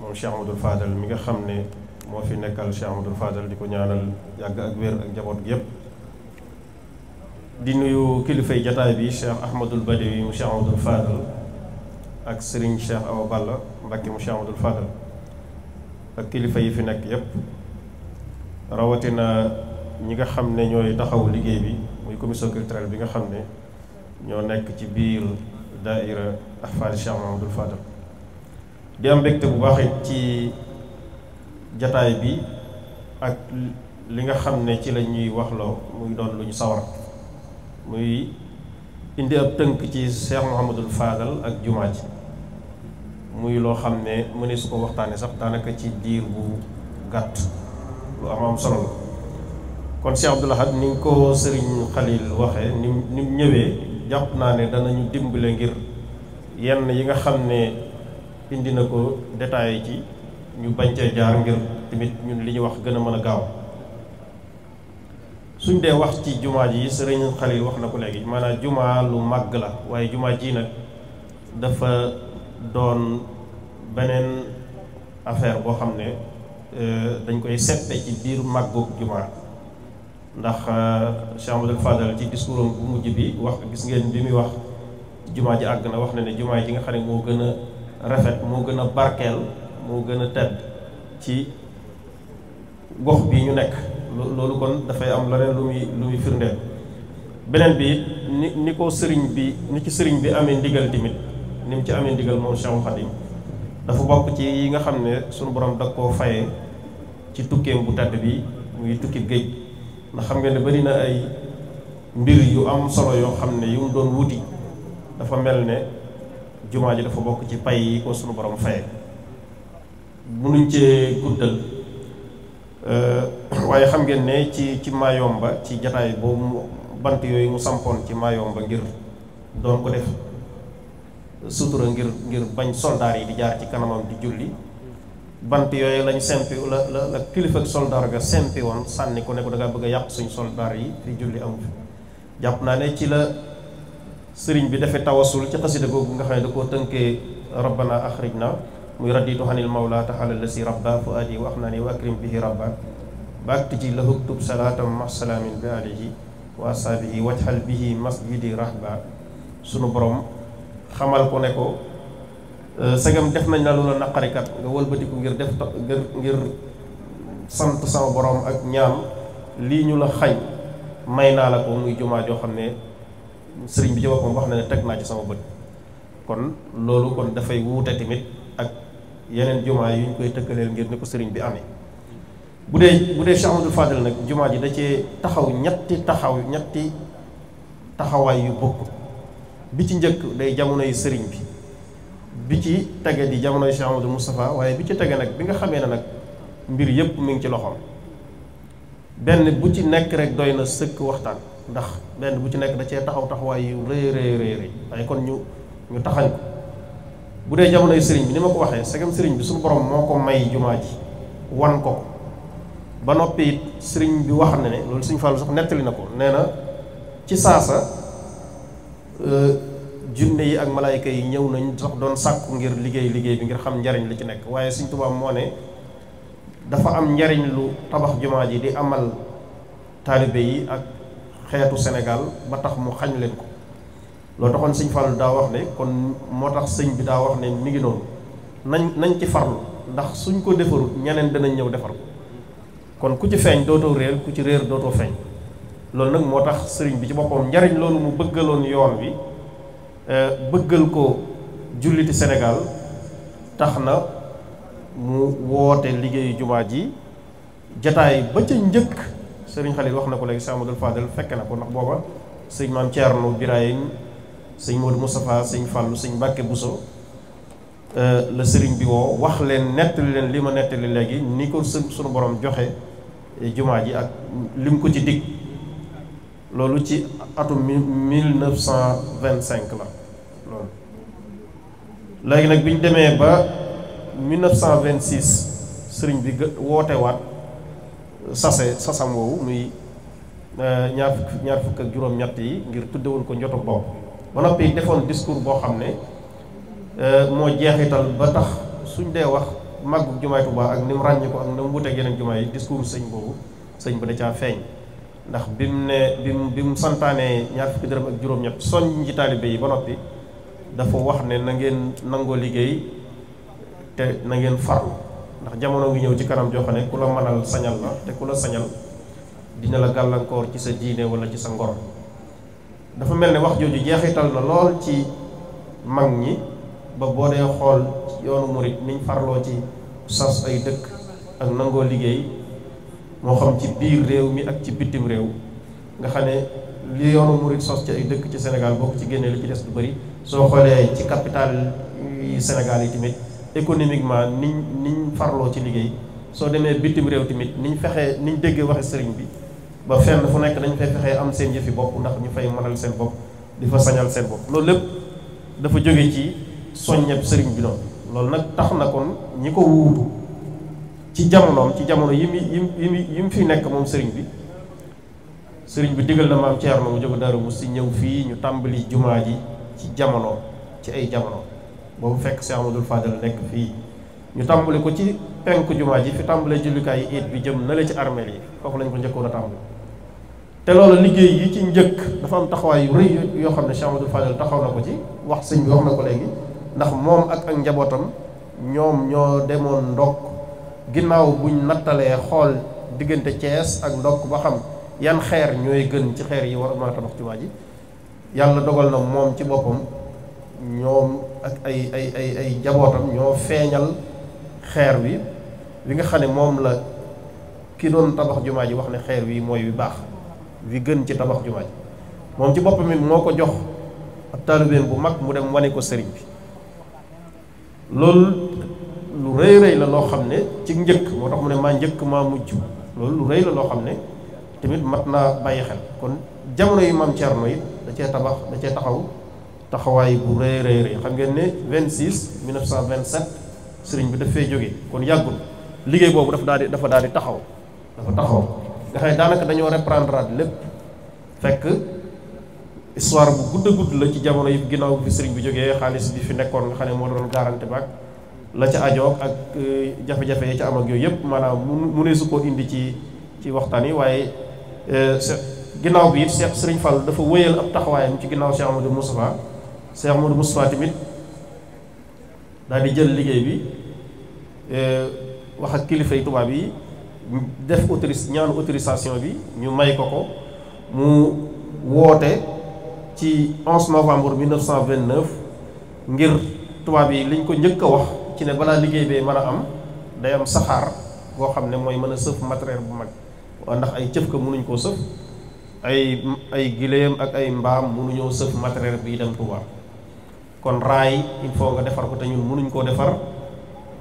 moom Cheikh Amadul Fadal mi nga xam ne moo fi nekkal Cheikh Amadul Fadal di ko ñaanal yàgg ak wér ak njaboot gi yépp di nuyu kilifay jataay bi Cheikh Ahmadul Badawi mu Cheikh Ahmadul Fadal ak sëriñ Cheikh Awa Balla Mbacke mu Cheikh Ahmadul Fadal ak kilifa yi fi nekk yépp rawatina ñi nga xam ne ñooy taxaw liggéey bi muy commission culturelle bi nga xam ne ñoo nekk ci biir daaira Ahfad Cheikh Ahmadul Fadal di am mbégte bu baax ci jataay bi ak li nga xam ne ci la ñuy waxloo muy doon lu ñu sawar muy indi ab tënk ci Cheikh Mouhamadul Fadal ak jumaa ji muy loo xam ne mëne su ko waxtaanee sax daanaka ci diir bu gàtt lu am am solo la kon Cheikh Abdoul ni ko sëriñ Khalil waxee ni ni mu ñëwee jàpp naa ne danañu dimbale ngir yenn yi nga xam ne indi na ko détaillé ci ñu bañ cee jaar ngir tamit ñun li ñu wax gën a mën a gaaw suñ dee wax ci jumaa ji sëriñ yi wax na ko léegi maanaam jumaa lu màgg la waaye jumaa ji nag dafa doon beneen affaire boo xam ne euh, dañ koy seppe ci biir màggu jumaa ndax euh, Cheikh Amadou Fadal ci discours am bu mujj bi wax gis ngeen bi muy wax jumaa ji àgg na wax na ne jumaa ji nga xam ne moo gën a rafet moo gën a barkeel moo gën a tedd ci gox bi ñu nekk loolu kon dafay am leneen lu lu muy firndeel beneen bi ni ni ko sëriñ bi ni ci sëriñ bi amee ndigal tamit ni mu ci amee ndigal moom Cheikh Khadim dafa bokk ci yi nga xam ne sunu borom da koo fayee ci tukkeem bu tàdd bi muy tukki géej ndax xam nga ne bari na ay mbir yu am solo yoo xam ne yu doon wuti dafa mel ne jumaa ji dafa bokk ci pay yi ko suñu borom faye munuñ cee guddal Euh, (clears throat) waaye xam ngeen ne ci ci Mayomba ci jataay boobu bant yooyu mu sampoon ci Mayomba ngir doon ko def sutura ngir ngir bañ soldaar yi di jaar ci kanamam di julli bant yooyu lañ sempi la la kilifa ak soldaar ga sempi woon sànni ko ne ko bëgg a yàq suñ soldaar yi di julli amu fi jàpp naa ne ci la sëriñ bi defee tawasul ci xasida boobu nga xam ne da ko tënkee rabbana axrijna muy raditu xanil mawla taxala lasi rabba fuadi wa axnaani wa akrim bihi rabba baakti ci lahu tub salaatan masalaamin bi alihi wa asaabihi wajxal bihi masjidi rahba sunu boroom xamal ko ne ko e, segam def nañ la lu la naqarikat nga wëlbatiku ngir def ngir ngir sant sama borom ak ñaam lii ñu la xañ may naa la ko muy jumaa joo xam ne sëriñ bi ci boppam wax na ne teg naa ci sama bët kon loolu kon dafay wuute tamit yeneen jumaa yu ñu koy tëkkaleel ngir ni ko sëriñ bi amee bu dee bu dee Cheikh Amadou Fadel nag jumaa ji da cee taxaw ñetti taxaw ñetti taxawaay yu bokk bi ci njëkk day jamonoy sëriñ bi bi ci tege di jamonoy Cheikh Amadou Moustapha waaye bi ci tege nag bi nga xamee ne nag mbir yépp mu ngi ci loxoom benn bu ci nekk rek doy na sëkk waxtaan ndax benn bu ci nekk da cee taxaw taxawaay yu rëy rëy rëy kon ñu ñu taxañ ko bu dee jamonoy sëriñ bi ni ma ko waxee segam sëriñ bi su borom moo ko may jumaa ji wan ko ba noppi it sëriñ bi wax na ne loolu suñu fàllu sax nettali na ko nee na ci saasa euh, junne yi ak malaayka yi ñëw nañ sox doon sàkku ngir liggéey liggéey bi ngir xam njariñ la ci nekk waaye suñ tubaab moo ne dafa am njariñ lu tabax jumaa ji di amal taalibe yi ak xeetu Sénégal ba tax mu xañ leen ko loo taxoon sëñ Fallou daa wax ne kon moo tax sëñ bi daa wax ne mi ngi noonu nañ nañ ci farlu ndax suñ ko defarut ñeneen danañ ñëw defar ko kon ku ci feeñ dootoo réer ku ci réer dootoo feeñ loolu nag moo tax sëriñ bi ci boppam njariñ loolu mu bëggaloon yoon bi euh, bëggal ko julliti senegal tax na mu woote liggéeyu jumaa ji jataay ba ca njëkk sëriñ Xalil wax na ko léegi Sëriñ Amadou Fadel fekke na ko ndax booba sëriñ maam Thierno Birahim sëñ Modou Moustapha sëñ Fallou sëñ Mbacke Bousso euh, la sëriñ bi woo wax leen nettali leen li ma nettali léegi ni ko sunu borom joxe eh, jumaa ji ak lim ko ci dig loolu ci atum mille neuf vingt cinq la loolu léegi nag bi ñu demee ba mille neuf vingt six sëriñ bi woote waat sase sasam woowu muy euh, ñaar fukk ñaar ak juróom-ñett yi ngir tuddewoon ko njotu bopp ba noppi defoon discours boo xam ne euh, moo jeexital ba tax suñ dee wax màggu jumaay Tuubaa ak ni mu ràññi ko ak na mu wuteeg yeneen jumaay yi sëñ boobu sëñ ba da caa feeñ ndax bi mu ne bi mu santaanee ñaar fukki dërëm ak juróom-ñett soññ ci taalibe yi ba noppi dafa wax ne na ngeen nangoo liggéey te na ngeen farlu ndax jamono ngi ñëw ci kanam joo ne ku la mënal sañal la te ku la sañal dina la gàllankoor ci sa diine wala ci sa ngor dafa mel ne wax jooju jeexital na lool ci mag ñi ba boo dee xool yoonu murit niñ farloo ci sas ay dëkk ak nangoo liggéey moo xam ci biir réew mi ak ci bitim réew nga xam ne li yoonu murit sos ci ay dëkk ci Sénégal boo ko ci génnee li ci des lu bëri soo xoolee ci capital yi Sénégal yi tamit économiquement niñ niñ farloo ci liggéey soo demee bitim réew tamit niñ fexee niñ déggee waxe sëriñ bi ba fenn fu nekk dañu fay fexee am seen jëfi bopp ndax ñu fay mënal seen bopp di fa sañal seen bopp loolu lépp dafa jóge ci soññeb sëriñ bi noonu loolu nag tax na kon ñi ko wuutu ci jamonoom ci jamono yi mu yi mu yi mu fi nekk moom sëriñ bi sëriñ bi digal na maam Thierno mu jóg Daaru Musti ñëw fii ñu tàmbali jumaa ji ci jamono ci ay jamono boobu fekk si Amadou Fadel nekk fii ñu tàmbali ko ci penku jumaa ji fi tàmbalee jullikaay yi it bi jëm nale ci armeel yi foofu lañ ko njëkkoon a tàmbali te loolu liggéey yi ci njëkk dafa am taxawaay yu rëy yoo xam ne Cheikh Amadou Fadel taxaw na ko ci wax sëñ bi wax na ko léegi ndax moom ak ak njabootam ñoom ñoo demoon ndokk ginnaaw buñ nattalee xool diggante cees ak ndokk ba xam yan xeer ñooy gën ci xeer yi war a mën a tabax jumaa ji yàlla dogal na moom ci boppam ñoom ak ay ay ay njabootam ñoo feeñal xeer wi bi nga xam ne moom la ki doon tabax jumaa ji wax ne xeer wi mooy bi baax wi gën ci tabax jumaa ji moom ci boppam it moo ko jox ab taalibeen bu mag mu dem wane ko sëriñ bi loolu lu rëy rëy la loo xam ne ci njëkk moo tax mu ne maa njëkk maa mujj loolu lu rëy la loo xam ne tamit mat naa bàyyi xel kon jamono yi maam Thierno it da cee tabax da cee taxaw taxawaay bu rëy rëy rëy xam ngeen ne vingt 1927 sëriñ bi daf fee jógee kon yàggul liggéey boobu dafa daal di dafa daal di taxaw dafa taxaw nga xam ne daanaka dañoo reprendre lépp fekk histoire bu gudd a gudd la ci jamono yi ginnaaw bi sëriñ bi jógee xaalis bi fi nekkoon nga xam ne moo doon garanti baak la ca ajoog ak euh, jafe-jafe yi ca am yooyu yëpp maanaam mu ne su koo indi ci ci waxtaan yi waaye euh, ginnaaw bi it Cheikh Sëriñ Fall dafa wéyal ab taxawaayam ci ginnaaw Cheikh Amadou Moustapha Cheikh Amadou Moustapha tamit daal di jël liggéey bi euh, wax ak kilifa yi tubaab yi def autoris ñaanu autorisation bi ñu may ko ko mu woote ci 11 novembre 1929 ngir tubaab yi liñ ko njëkk a wax ci ne balaa liggéey bee mën a am day am saxaar goo xam ne mooy mën a sëf matériel bu mag waaw ndax ay cëf ka mënuñ koo sëf ay ay giléem ak ay mbaam mënuñoo sëf matériel bi dem Touba kon raay il faut nga defar ko te ñun mënuñ koo defar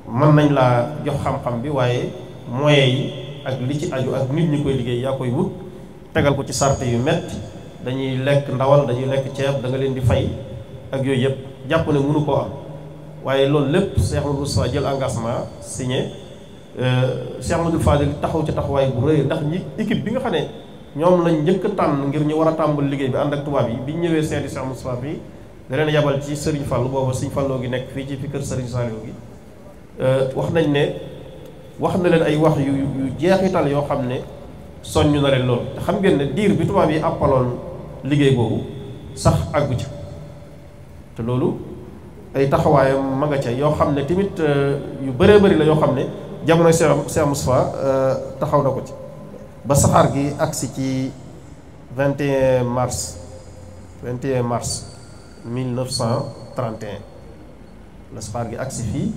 mën nañ laa jox xam-xam bi waaye moyens yi ak li ci aju ak nit ñi koy liggéey yaa koy wut tegal ko ci sart yu metti dañuy lekk ndawal dañuy lekk ceeb danga leen di fay ak yooyu yëpp jàpp ne mënu koo am waaye loolu lépp Cheikh Modou Moustapha jël engagement signé euh, Cheikh Modou Fadil taxaw ci taxawaay bu rëy ndax ñi équipe bi nga xam ne ñoom lañ njëkk a tànn ngir ñu war a tàmbal liggéey bi ànd ak tubaab yi bi ñu ñëwee seeti Cheikh Moustapha bi da leen yabal ci Serigne Fallou booba Serigne Fallou gi nekk fii ci fi kër Serigne Saliou wax na leen ay wax yu yu jeexital yoo xam ne soññ na leen loolu te xam ngeen ne diir bi tubaab yi àppaloon liggéey boobu sax àggu ca te loolu ay taxawaayam ma nga ca yoo xam ne tamit euh, yu bëree bëri la ñoo xam ne jamono Cheikh Moustapha euh, taxaw na ko ci ba saxaar gi agsi ci 21 mars 21 mars 1931 la saxaar gi agsi fii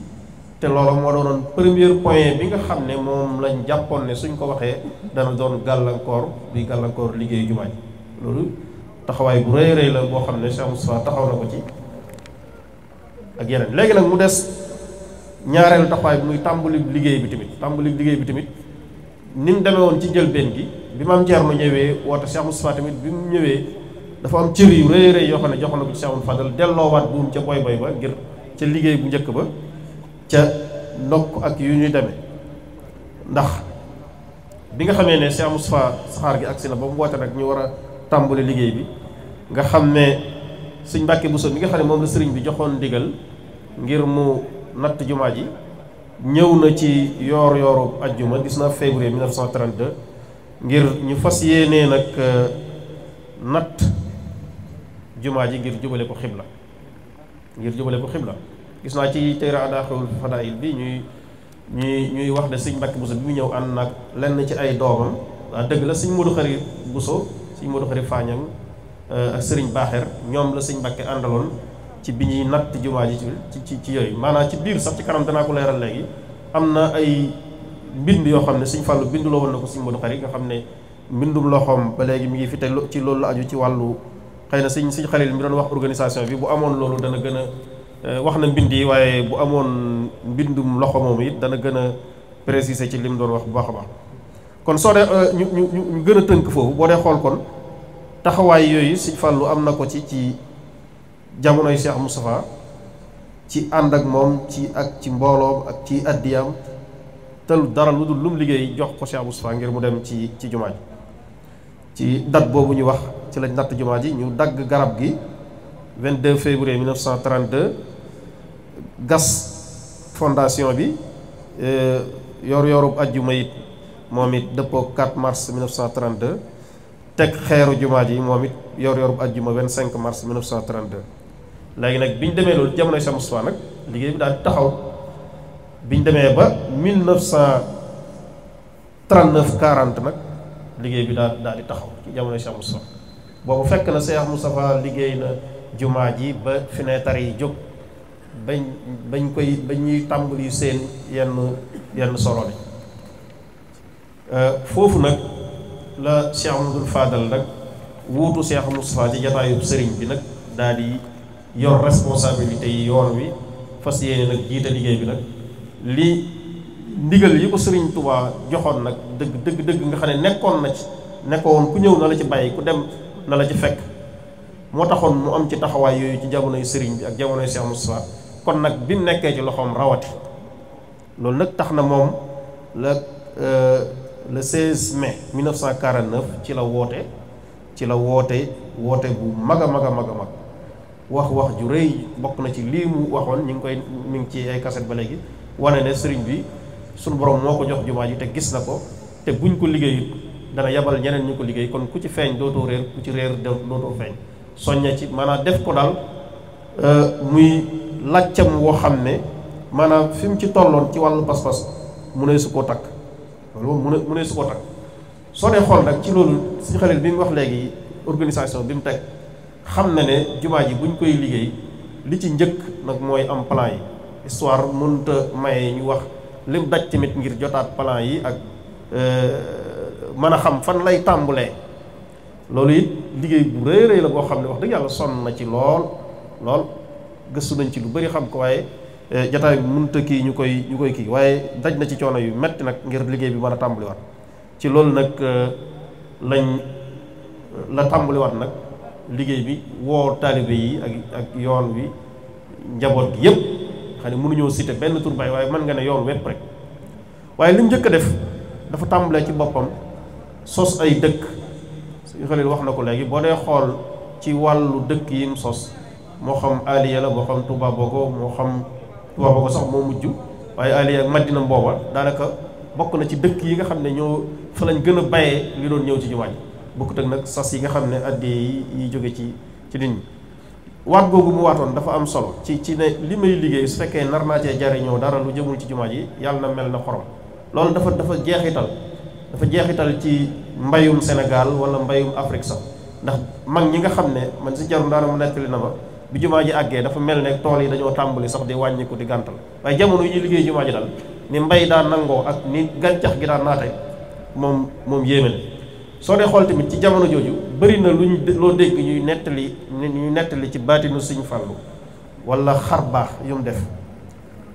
te loolu moo doonoon premier point bi nga xam ne moom lañ jàppoon ne suñ ko waxee dana doon gàllankoor bi gàllankoor liggéey jumaa ji loolu taxawaay bu rëy rëy la boo xam ne Cheikh Moustapha taxaw na ko ci ak yeneen léegi nag mu des ñaareelu taxawaay muy tàmbali liggéey bi tamit tàmbali liggéey bi tamit ni mu demee woon ci njëlbeen gi bi maam Thierno ñëwee woote Cheikh Moustapha bi mu ñëwee dafa am cër yu rëy rëy yoo xam ne joxoon na ko ci Cheikh Fadal delloowaat buum ca boy boy ba ngir ca liggéey bu njëkk ba ca ndokk ak yu ñuy demee ndax bi nga xamee ne Cheikh Moustapha saxaar gi agsi la ba mu woote nag ñu war a tàmbali liggéey bi nga xam ne suñ Mbàkke Buso bi nga xam ne moom la sëriñ bi joxoon ndigal ngir mu natt jumaa ji ñëw na ci yoor yooru ajjuma 19 février 1932 ngir ñu fas yéenee nag euh, natt jumaa ji ngir jubale ko xibla ngir jubale ko xibla gis naa ci téere adaaxul fadaayil bi ñuy ñuy ñuy wax ne sëñ Mbàkke Buso bi mu ñëw ànd nag lenn ci ay doomam waa dëgg la sëñ Modu Xari bu sëñ Modu Xari Faañang euh, ak sëriñ Baaxeer ñoom la sëñ Mbàkke àndaloon ci bi ñuy natt jumaa ji ci ci ci yooyu maanaam ci biir sax ci kanam danaa ko léegi am na ay mbind yoo xam ne sëñ Fàllu binduloo woon na ko sëñ Modu Xari nga xam ne mbindum loxoom ba léegi mi ngi fi te ci loolu la aju ci wàllu xëy na sëñ sëñ Xalil mi doon wax organisation bi bu amoon loolu dana gën a Euh, wax na mbind yi waaye bu amoon mbindum loxo moom it dana gën a préciser ci lim doon wax bu baax a baax kon soo dee euh, ñu ñu ñu gën a tënk foofu boo dee xool kon taxawaay yooyu Sëñ Fallu am na ko ci ci jamonoy Cheikh Moustapha ci ànd ak moom ci ak ci mbooloom ak ci te lu dara lu dul lum liggéey jox ko Cheikh Moustapha ngir mu dem ci ci jumaa ji ci dat boobu ñu wax ci lañ natt jumaa ji ñu dagg garab gi 22 février 1932. gas fondation bi eh, yor yorub ajjuma it moom it dëppoo 4 mars 1932 teg xeeru jumaa ji moom it yor yorub ajjuma 25 mars 1932 léegi nag bi ñu demee loolu jamonoy Cheikh Moustapha nag liggéey bi daal di taxaw bi ñu demee ba 1939 40 nag liggéey bi daal daal di taxaw ci jamonoy Cheikh Moustapha boobu liggéey na jumaa ji ba fenêtre yi jóg bañ bañ koy bañ ñuy tàmbali seen yenn yenn solo bi euh, foofu nag la Cheikh Amadou Fadal nag wuutu Cheikh Moustapha ci jataayu sëriñ bi nag daal di yor responsabilité yi yoon wi fas yéene nag jiite liggéey bi nag li ndigal yi ko sëriñ Touba joxoon nag dëgg dëgg dëgg nga xam ne nekkoon na ci nekkoon ku ñëw na la ci bàyyi ku dem na la ci fekk moo taxoon mu am ci taxawaay yooyu ci jamonoy sëriñ bi ak jamonoy Cheikh Moustapha kon nag bi mu nekkee ci loxoom rawati loolu nag tax na moom la euh, le 16 mai 1949 ci la woote ci la woote woote bu mag a mag a mag mag wax wax ju rëy bokk na ci lii mu waxoon ñu ngi koy mi ngi ci ay kaset ba léegi wane ne sëriñ bi suñu borom moo ko jox jumaa ji te gis na ko te buñ ko liggéeyut dana yebal ñeneen ñu ko liggéey kon ku ci feeñ dootoo réer ku ci réer dootoo feeñ soñña ci maanaam def ko daal euh, muy laccam woo xam ne maanaam fi mu ci tolloon ci wàll pas-pas mu ne su koo takk loolu mu ne mu ne su koo takk soo xool nag ci loolu suñu xaleel bi mu wax léegi organisation bi mu teg xam na ne jumaa ji buñ koy liggéey li ci njëkk nag mooy am plan yi histoire mënta maye ñu wax lim daj tamit ngir jotaat plan yi ak euh, mën a xam fan lay tàmbulee loolu yit liggéey bu rëy rëy la boo xam ne wax dëgg yàlla sonn na ci lool lool gëstu nañ ci lu bari xam ko waaye eh, jataay bi mënut kii ñu koy ñu koy kii waaye daj na ci coono yu metti nag ngir liggéey bi mën a tàmbaliwaat ci loolu nag eh, lañ eh, la tàmbaliwaat nag liggéey bi woo taalibe yi ak yoon wi njaboot gi yëpp xam ne mënuñoo cité benn tur waaye mën nga ne yoon wépp rek waaye li mu njëkk a def dafa tàmbalee ci boppam sos ay dëkk suñu xalil wax na ko léegi boo dee xool ci wàllu dëkk yi mu sos moo xam aliya la moo xam Touba Bogo moo xam boo Bogo sax moo mujj waaye aliya ak Madina mbooba daanaka bokk na ci dëkk yi nga xam ne ñoo fa lañ gën a bayee li doon ñëw ci jumaa ji bokkut ak nag sas yi nga xam ne addee yi yi jóge ci ci nit ñi waat dafa am solo ci ci ne li may liggéey su fekkee nar naa cee jariñoo dara lu jëmul ci jumaa ji yàlla na mel na xorom loolu dafa dafa jeexital dafa jeexital ci mbayum Sénégal wala mbayum Afrique sax ndax mag ñi nga xam ne man si jarum daana mu nettali na ma bi jumaa ji àggee dafa mel ne tool yi dañoo tàmbali sax di wàññiku di gàntal waaye jamono yi liggéey jumaa ji daal ni mbay daan nangoo ak ni gàncax gi daan naate moom moom yéeme na soo dee xool tamit ci jamono jooju bari na luñ loo dégg ñuy nettali ñuy nettali ci baatinu Sëñ Fallu wala xar baax yu def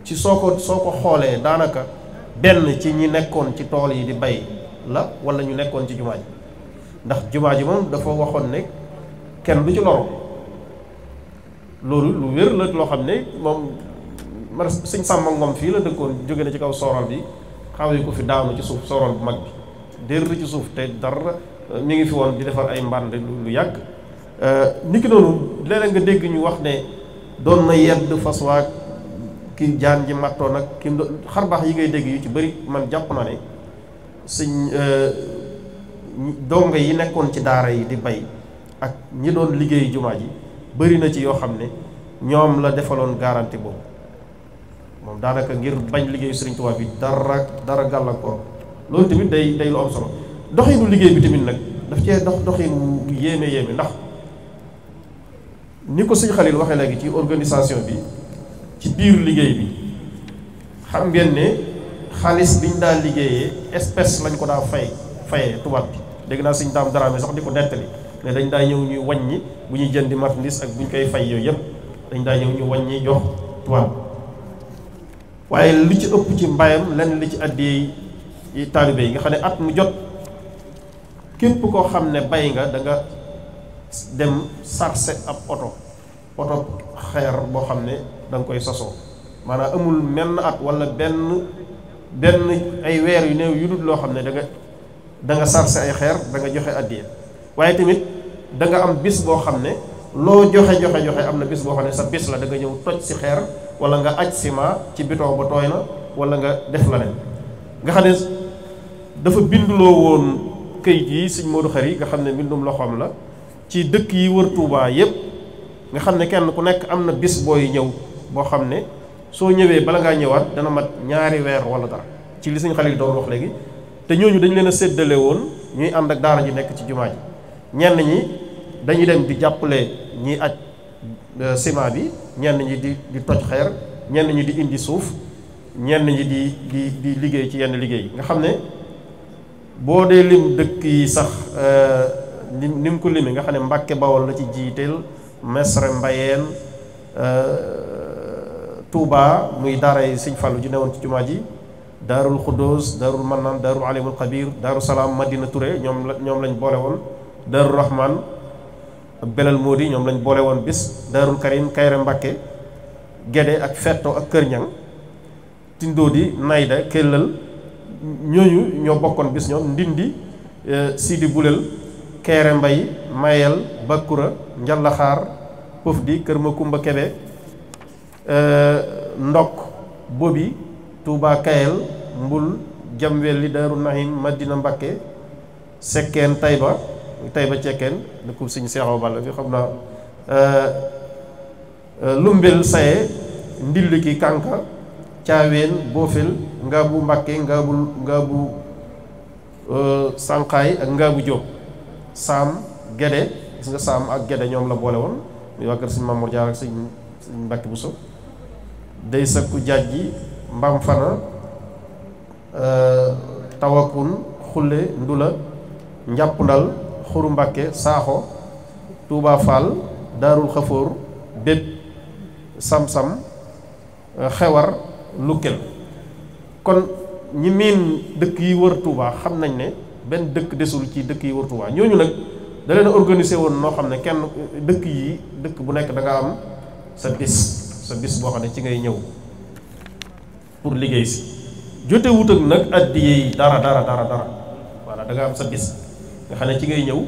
ci soo ko soo ko xoolee daanaka benn ci ñi nekkoon ci tool yi di bay la wala ñu nekkoon ci jumaa ji ndax jumaa ji moom dafa waxoon ne kenn du ci loro loolu lu wér la loo xam ne moom mar sëñ Samba Ngom fii la dëkkoon jóge na ci kaw sooral bi xaw xawee ko fi daanu ci suuf sooral bu mag bi dér ci suuf te dara euh, mi ngi fi woon di defar ay mbànd lu yàgg euh, niki noonu léeg-léeg nga dégg ñu wax ne doon na yedd fas waa ki jaan ji mattoo nag ki xar yi ngay dégg yu ci bari man jàpp na ne sëñ euh, dongo yi nekkoon ci daara yi di bay ak ñi doon liggéey jumaa ji bëri na ci yoo xam ne ñoom la defaloon garantie boobu moom daanaka ngir bañ liggéeyu Sëriñ Tuubaa bi dara dara gàllankoor loolu tamit day day lu am solo doxinu liggéey bi tamit nag daf cee dox doxin yéeme yéeme ndax ni ko sëñ Xalil waxee ci organisation bi ci biir liggéey bi xam ngeen ne xaalis bi ñu daan liggéeyee espèce lañ ko daan fay fayee tubaab bi dégg naa sëñ daam daraame sax di ko nettali te dañ daa ñëw ñuy waññi bu ñuy jëndi marchandise ak bu ñu koy fay yooyu yëpp dañ daa ñëw ñu wàññi jox tubaab waaye lu ci ëpp ci mbayam lenn li ci àddee yi taalibe yi nga xam ne at mu jot képp koo xam ne bay nga danga nga dem sarse ab oto oto xeer boo xam ne danga koy sosoo maanaa amul menn at wala benn benn ay weer yu néew yu dul loo xam ne danga nga da nga sarse ay xeer da nga joxe addiya waaye tamit da nga am bis boo xam ne loo joxe joxe joxe am na bis boo xam ne sa bis la da nga ñëw toj si xeer wala nga aj si ma ci biton ba tooy na wala nga def la leen nga xam ne dafa binduloo woon këyit yi sëñ Modou Khary nga xam ne mbindum loxoom la ci dëkk yi wër Touba yépp nga xam ne kenn ku nekk am na bis booy ñëw boo xam ne soo ñëwee bala ngaa ñëwaat dana mat ñaari weer wala dara ci li sëñ yi doon wax léegi te ñooñu dañ leen a séddale woon ñuy ànd ak daara ji nekk ci jumaa ji ñenn ñi dañuy dem di jàppale ñiy aj euh, ciment bi ñenn ñi di di toj xeer ñenn ñi di indi suuf ñenn ñi di di liggéey ci yenn liggéey nga xam ne boo dee lim dëkk yi sax ni ni mu ko limi nga xam ne Mbàkke Bawol la ci jiiteel Mesre Mbayeen euh, Touba muy daara yi Sëñ Fallu ju newoon ci jumaa ji Daarul Xuddoos Daarul Mannaan Daarul Alimul Xabir Daaru Salaam Madina Touré ñoom la ñoom lañ boole daaru rahman ak moodi ñoom lañ boole woon bis daarul karim kayre mbàkke gede ak fetto ak kër ñang tindoodi nayda kellal ñooñu ñoo bokkoon bis ñoom ndindi euh, sidi bulel kayre mbay mayel bakkura njallaxaar pëf di kër ma kumba kebe euh, ndok bobi tuuba kayel mbul jamwelli daaru nahim madina mbàkke sekkeen tayba Tayba Cekkeen dëkkub suñu seexaw balla fi xam naa euh, euh, Lumbel Saye Ndilliki Kànka Caaween Boofel Ngaabu Mbàkke Ngaabu Ngaabu euh, Sànqaay ak Ngaabu Jóob Saam Gede gis nga Saam ak Gede ñoom la boole woon muy waa kër suñu Mamour Jaar ak suñu suñu Mbàkke Buso day sakku jaaj ji Mbam Fana Tawakun Xulle Ndula Njàppundal xuru mbàkke saaxo Touba Fall daarul xafoor bépp sam euh, xewar lukkel kon ñi miin dëkk yi wër Touba xam nañ ne benn dëkk desul ci dëkk yi wër Touba ñooñu nag da leen organisé woon noo xam ne kenn dëkk yi dëkk bu nekk danga am sa bis sa bis boo xam ne ci ngay ñëw pour liggéey si jote wut nag addiye yi dara dara dara dara voilà danga am sa bis nga xam ne ci ngay ñëw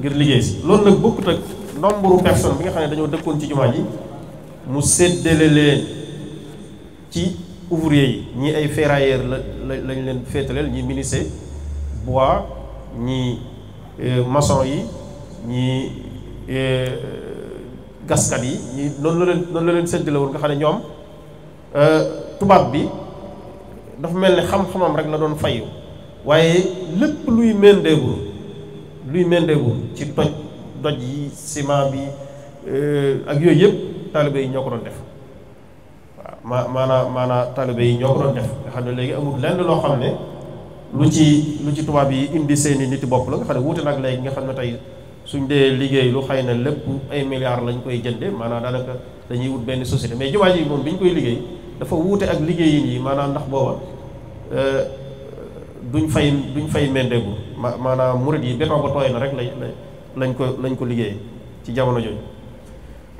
ngir liggéey si loolu nag bokkut ak nombre personne bi nga xam ne dañoo dëkkoon ci jumaa ji mu séddale leen ci ouvrier yi ñii ay ferrailleurs la la lañ leen féetaleel ñii menuisier bois ñii euh, mason yi ñii euh, gaskat yi ñi noonu la leen noonu la nga xam ne ñoom euh, tubaab bi dafa mel ne xam-xamam rek la doon fay waaye lépp luy méndeebu luy méndeewu ci toj doj yi ciment bi euh, ak yooyu yëpp taalibe yi ñoo ko doon def waaw ma maanaam maanaam taalibe yi ñoo ko nga xam ne léegi amul lenn loo xam ne lu ci lu ci tubaab yi indi seeni niti bopp la nga xam ne wuute nag léegi nga xam ne tey suñ dee liggéey lu xay na lépp ay milliards lañ koy jënde maanaam daanaka dañuy wut benn société mais jumaa yi moom bi ñu koy liggéey dafa wuute ak liggéeyin yi maanaam ndax booba euh, duñ fay duñ fay méndeeku maanaam murit yi béton ba tooy na rek lañ lañ ko lañ ko liggéey ci jamono jooju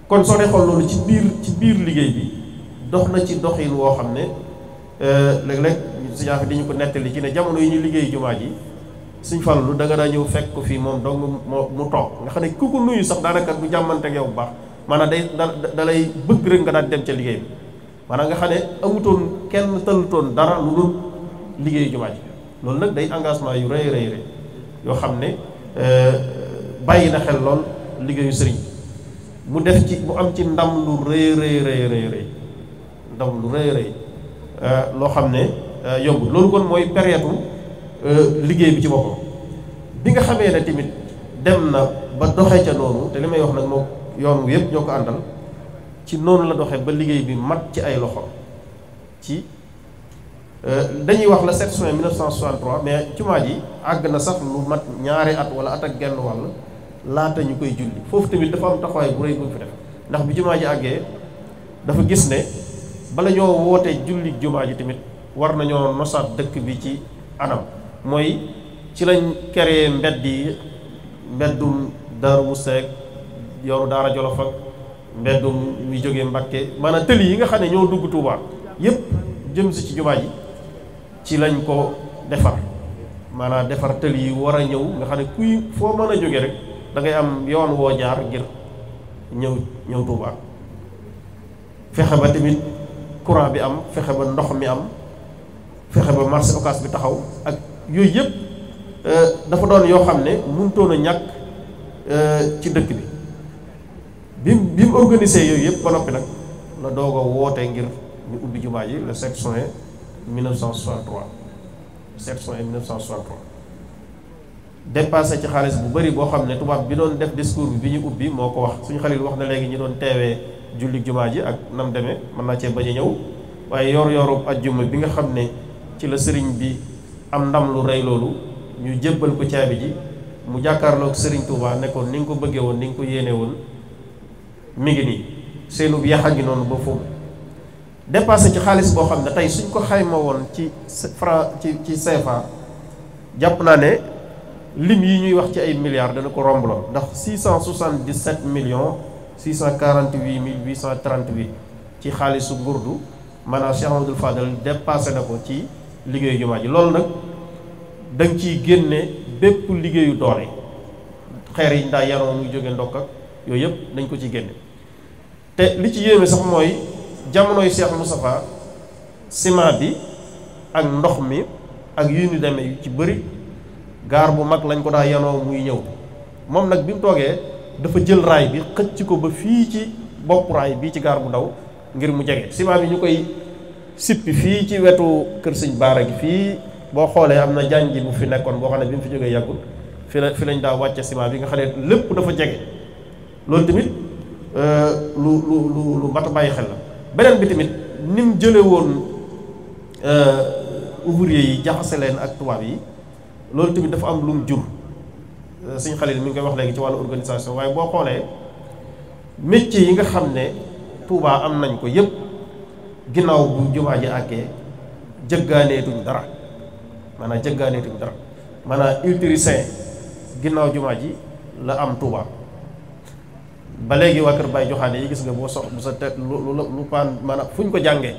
kon soo dee loolu ci biir ci biir liggéey bi dox na ci doxin woo xam ne euh, léeg-léeg suñaa dañu ko nettali ci ne jamono yi ñu liggéey jumaa ji suñ fallu da nga daa ñëw fekk ko fii moom dong mu toog nga xam ne ku ko nuyu sax daanaka du jàmmante ak bu baax maanaa day da lay bëgg rek nga daan dem ca liggéey bi maanaam nga xam ne amutoon kenn tëltoon dara lu dul liggéey jumaa ji loolu nag day engagement yu rëy rëy yoo xam ne euh, bàyyi na xel lool liggéeyu sëriñ mu def ci mu am ci ndam lu rëy rëy rëy rëy ndam lu rëy rëy euh, loo xam ne euh, yomb loolu kon mooy période liggéey bi ci boppam bi nga xamee ne tamit dem na ba doxee ca noonu te li may wax nag moo yoon wi yëpp ñoo ko àndal ci noonu la doxee ba liggéey bi mat ci ay loxo ci Euh, dañuy wax la 7 juin 1963 mais jumaa ji àgg na sax lu mat ñaari at wala at ak genn wàll laata ñu koy julli foofu tamit dafa am taxawaay bu rëy bu fi def ndax bi jumaa ji àggee dafa gis ne bala ñoo wootee julli jumaa ji tamit war nañoo nosaat dëkk bi ci anam mooy ci lañ créé mbedd yi mbeddum dar Musa ak yoonu Daara Jolof ak mbeddum mi jógee Mbàkke maanaam tëli yi nga xam ne ñoo dugg Tuubaa yépp jëm si ci jumaa ji ci lañ ko defar maanaa defar tëli yi war a ñëw nga xam ne kuy foo mën a jóge rek dangay am yoon woo jaar ngir ñëw ñëw Tuubaa fexe ba tamit courant bi am fexe ba ndox mi am fexe ba marché Ocass bi taxaw ak yooyu yëpp euh, dafa doon yoo xam ne mënutoon a ñàkk euh, ci dëkk bi bi bi mu organisé yooyu yëpp ba noppi nag la doogo wootee ngir ñu ubbi jumaa yi la 7 juin 1963 section et 1963 dépassé ci xaalis bu bëri boo xam ne tubaab bi doon def discours bi bi ñu ubbi moo ko wax suñu xalil wax na léegi ñu doon teewee julli jumaa ji ak nam demee mën naa cee bañ a ñëw waaye yor yorub juma bi nga xam ne ci la sëriñ bi am ndam lu rey loolu ñu jébbal ko caabi ji mu jàkkaarloog sëriñ Touba nekkoon ni nga ko bëggee woon ni nga ko yéenee woon mi ngi nii seenub yaxa gi noonu ba foofu dépassé ci xaalis boo xam ne tey suñ ko xayma woon ci fra ci ci CFA jàpp naa ne lim yi ñuy wax ci ay milliards dana ko romb lool ndax 677 millions 648 mille 838 ci su ngurdu maanaam Cheikh Amadou Fadal dépassé na ko ci liggéeyu jumaa ji loolu nag da ci génne bépp liggéeyu yi xeer yi ndaa yaroo muy jóge ndokk ak yooyu yëpp dañ ko ci génne te li ci yéeme sax mooy jamonoy Cheikh Moustapha ciment bi ak ndox mi ak yu ñu demee ci bëri gaar bu mag lañ ko daa yanoo muy ñëw moom nag bi mu toogee dafa jël raay bi xëcc ko ba fii ci bopp raay bii ci gaar bu ndaw ngir mu jege ciment bi ñu koy sippi fii ci wetu kër sëñ baara gi fii boo xoolee am na janji bu fi nekkoon boo xam ne bi mu fi jógee yàggul fi la lañ daa wàcce ciment bi nga xam ne lépp dafa jege loolu tamit euh, lu lu lu lu bàyyi xel la beneen bi tamit ni mu jële woon euh, ouvrier yi jaxase leen ak tubaab yi loolu tamit dafa am lum jur euh, suñ xalil mi ngi koy wax léegi ci wàllu organisation waaye boo xoolee métier yi nga xam ne Touba am nañ ko yépp ginnaaw bu jumaa ji àggee jëggaaneetuñ dara maanaam jëggaaneetuñ dara maanaa ultrisin ginnaaw jumaa ji la am Touba ba léegi waa kër Baye Joxaane yi gis nga boo sox bu sa te lu lu paan maanaam fu ñu ko jàngee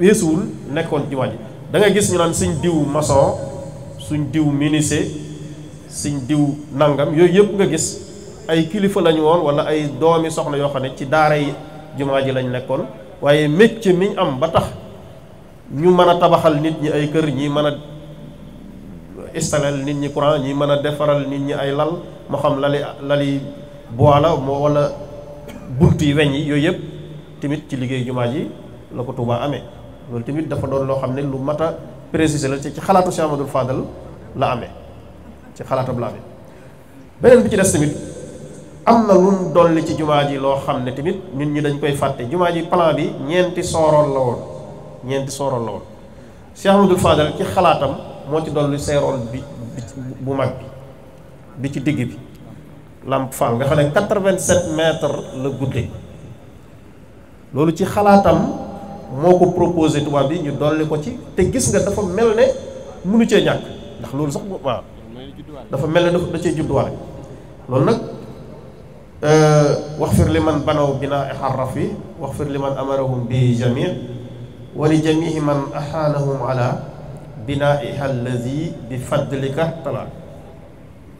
weesuwul nekkoon jumaa ji da gis ñu naan suñ diw maçon suñ diw menuisier suñ diw nangam yooyu yëpp nga gis ay kilifa lañu woon wala ay doomi soxna yoo xam ne ci daara yi jumaa ji lañ nekkoon waaye métier mi am ba tax ñu mën a tabaxal nit ñi ay kër ñi mën a installal nit ñi courant ñi mën a defaral nit ñi ay lal moo xam lali lali bois la wala bunt yi weñ yi yooyu yëpp tamit ci liggéey jumaa ji la ko Tuubaa amee loolu tamit dafa doon loo xam ne lu mat a préciser la ci xalaatu Cheikh Amadou Fadal la amee ci xalaatam la amee beneen bi ci des tamit am na lu dolli ci jumaa ji loo xam ne tamit ñun ñi dañ koy fàtte jumaa ji plan bi ñeenti sooroon la woon ñeenti sooroon la woon Cheikh Amadou Fadal ci xalaatam moo ci dolli seeroon bi bu mag bi bi ci digg bi làmp Fall nga xam ne quatre-vingt-sept mètres la gudde loolu ci xalaatam moo ko proposé tubaab bi ñu dolli ko ci te gis nga dafa mel ne mënu cee ñàkk ndax loolu sax waaw dafa mel ne dafa da cee judduwaale loolu nag euh, wax fir li man banaw binaa i xarraf yi wax fir li man amarahum bi jami wa li man ahaanahum ala binaa i allazi bi fadlika tala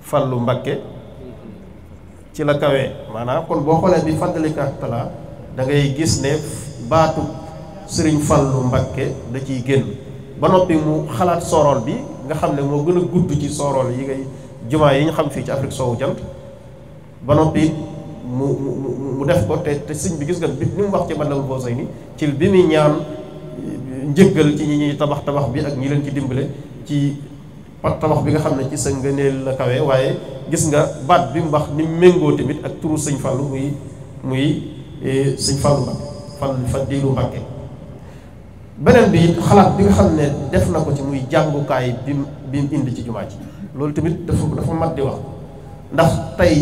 fallu mbakke ci la kawe maanaa kon boo xoolee bi fàttalika talaa dangay gis ne baatu sëriñ Fallu Mbakke da ciy génn ba noppi mu xalaat sorol bi nga xam ne moo gën a gudd ci sorol yi ngay jumaa yi ñu xam fii ci Afrique soowu jant ba noppi mu mu def ko te te sëñ bi gis nga bi ni mu wax ci Matlabul Fawzayni ci bi muy ñaan njëggal ci ñi ñuy tabax tabax bi ak ñi leen ci dimbale ci ak tabax bi nga xam ne ci sa ngëneel la kawe waaye gis nga baat bi mu wax ni méngoo tamit ak turu sëñ Fallou muy muy e, sëñ Fallou Mbacké fan Fadilu Mbacké beneen bi xalaat bi nga xam ne def na ko ci muy jàngukaay bi mu bi mu indi ci jumaa ji loolu tamit dafa dafa mat di wax ndax tey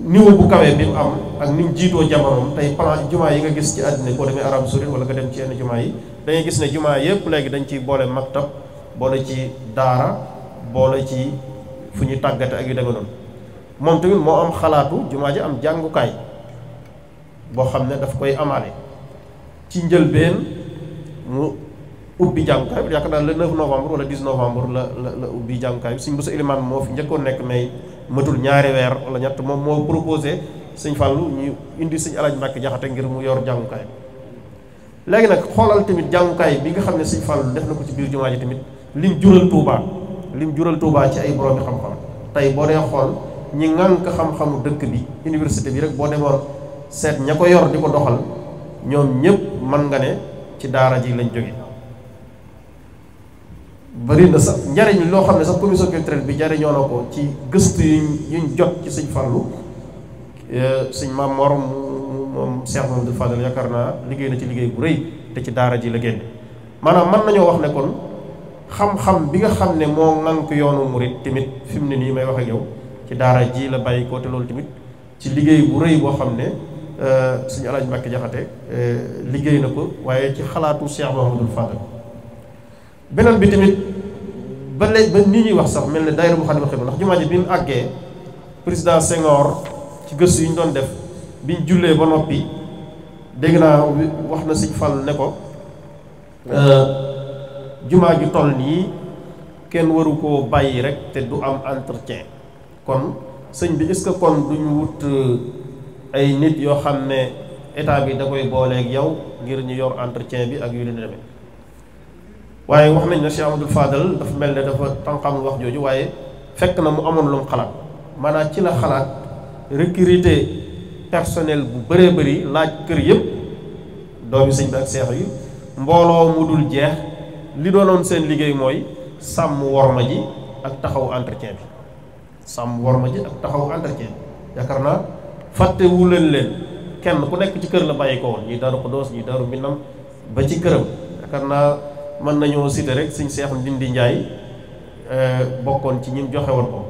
niveau bu kawe bi mu am ak ni mu jiitoo jamonoom tey plan jumaa yi nga gis ci àddina boo demee Arabie Saoudite wala nga dem ci yenn jumaa yi da gis ne jumaa yëpp léegi dañ ciy boole maktab boole ci daara boole ci fu ñuy tàggate ak yu demee noonu moom tamit moo am xalaatu jumaa ji am jàngukaay boo xam ne daf koy amaale ci njëlbeen mu ubbi jàngukaay bi yaakaar naa le 9 wala 10 novembre la la ubbi jàngukaay bi suñ bu sa ilimaan moo fi njëkkoon nekk may matul ñaari weer wala ñett moom moo proposé sëñ Fallu ñu indi suñ Alaaj Mbàkke Jaxate ngir mu yor jàngukaay bi léegi nag xoolal tamit jàngukaay bi nga xam ne sëñ Fallu def na ko ci biir jumaa ji tamit lim jural Touba lim jural tuubaa ci ay boroomi xam-xam tey boo dee xool ñi ŋànk xam-xamu dëkk bi université bi rek boo demoon seet ña ko yor di ko doxal ñoom ñépp man nga ne ci daara ji lañ jóge bari na sax njariñ loo xam ne sax commission culturelle bi jariñoo na ko ci gëstu yuñ yuñ jot ci sëñ Fallu eh, sëñ maam Mor moom Cheikh Mamadou Fadal yaakaar naa liggéey na ci liggéey bu rëy te ci daara ji la génne maanaam mën nañoo wax nekkoon xam-xam bi nga xam ne moo ŋànk yoonu murit tamit fi mu ne nii may wax ak yow ci daara jii la bàyyi ko te loolu tamit ci liggéey bu rëy boo xam ne euh, suñu alaaj Mbàkke Jaxate euh, liggéey na ko waaye ci xalaatu Cheikh Mahamadul Fadal beneen bi tamit ba léegi ba nii ñuy wax sax mel ne daayira bu Xaadimal Xidma ndax jumaa ji bi ñu àggee président Senghor ci gëstu yu ñu doon def biñ jullee ba noppi dégg naa wax na si Fall ne ko euh, jumaa ju toll nii kenn waru koo bàyyi rek te du am entretien kon sëñ bi est-ce que kon duñu wut euh, ay nit yoo xam ne état bi da koy booleek yow ngir ñu yor entretien bi ak yu leen demee waaye wax nañ ne Cheikh Amadou Fadal dafa mel ne dafa tànqam wax jooju waaye fekk na mu amoon lu xalaat manaat ci la xalaat recruter personnel bu bëree bëri laaj kër yëpp doomi sëñ bi ak seex yi mbooloo mu dul jeex li doonoon seen liggéey mooy sàmm worma ji ak taxaw entretien bi sàmm worma ji ak taxaw entretien bi yaakaar naa fàttewu leen leen kenn ku nekk ci kër la bàyyi ko woon ñi daaru Xuddoos ñi daaru Minam ba ci këram yaakaar naa mën nañoo citer rek suñ seex Ndindi Njaay euh, bokkoon ci ñim joxe woon ko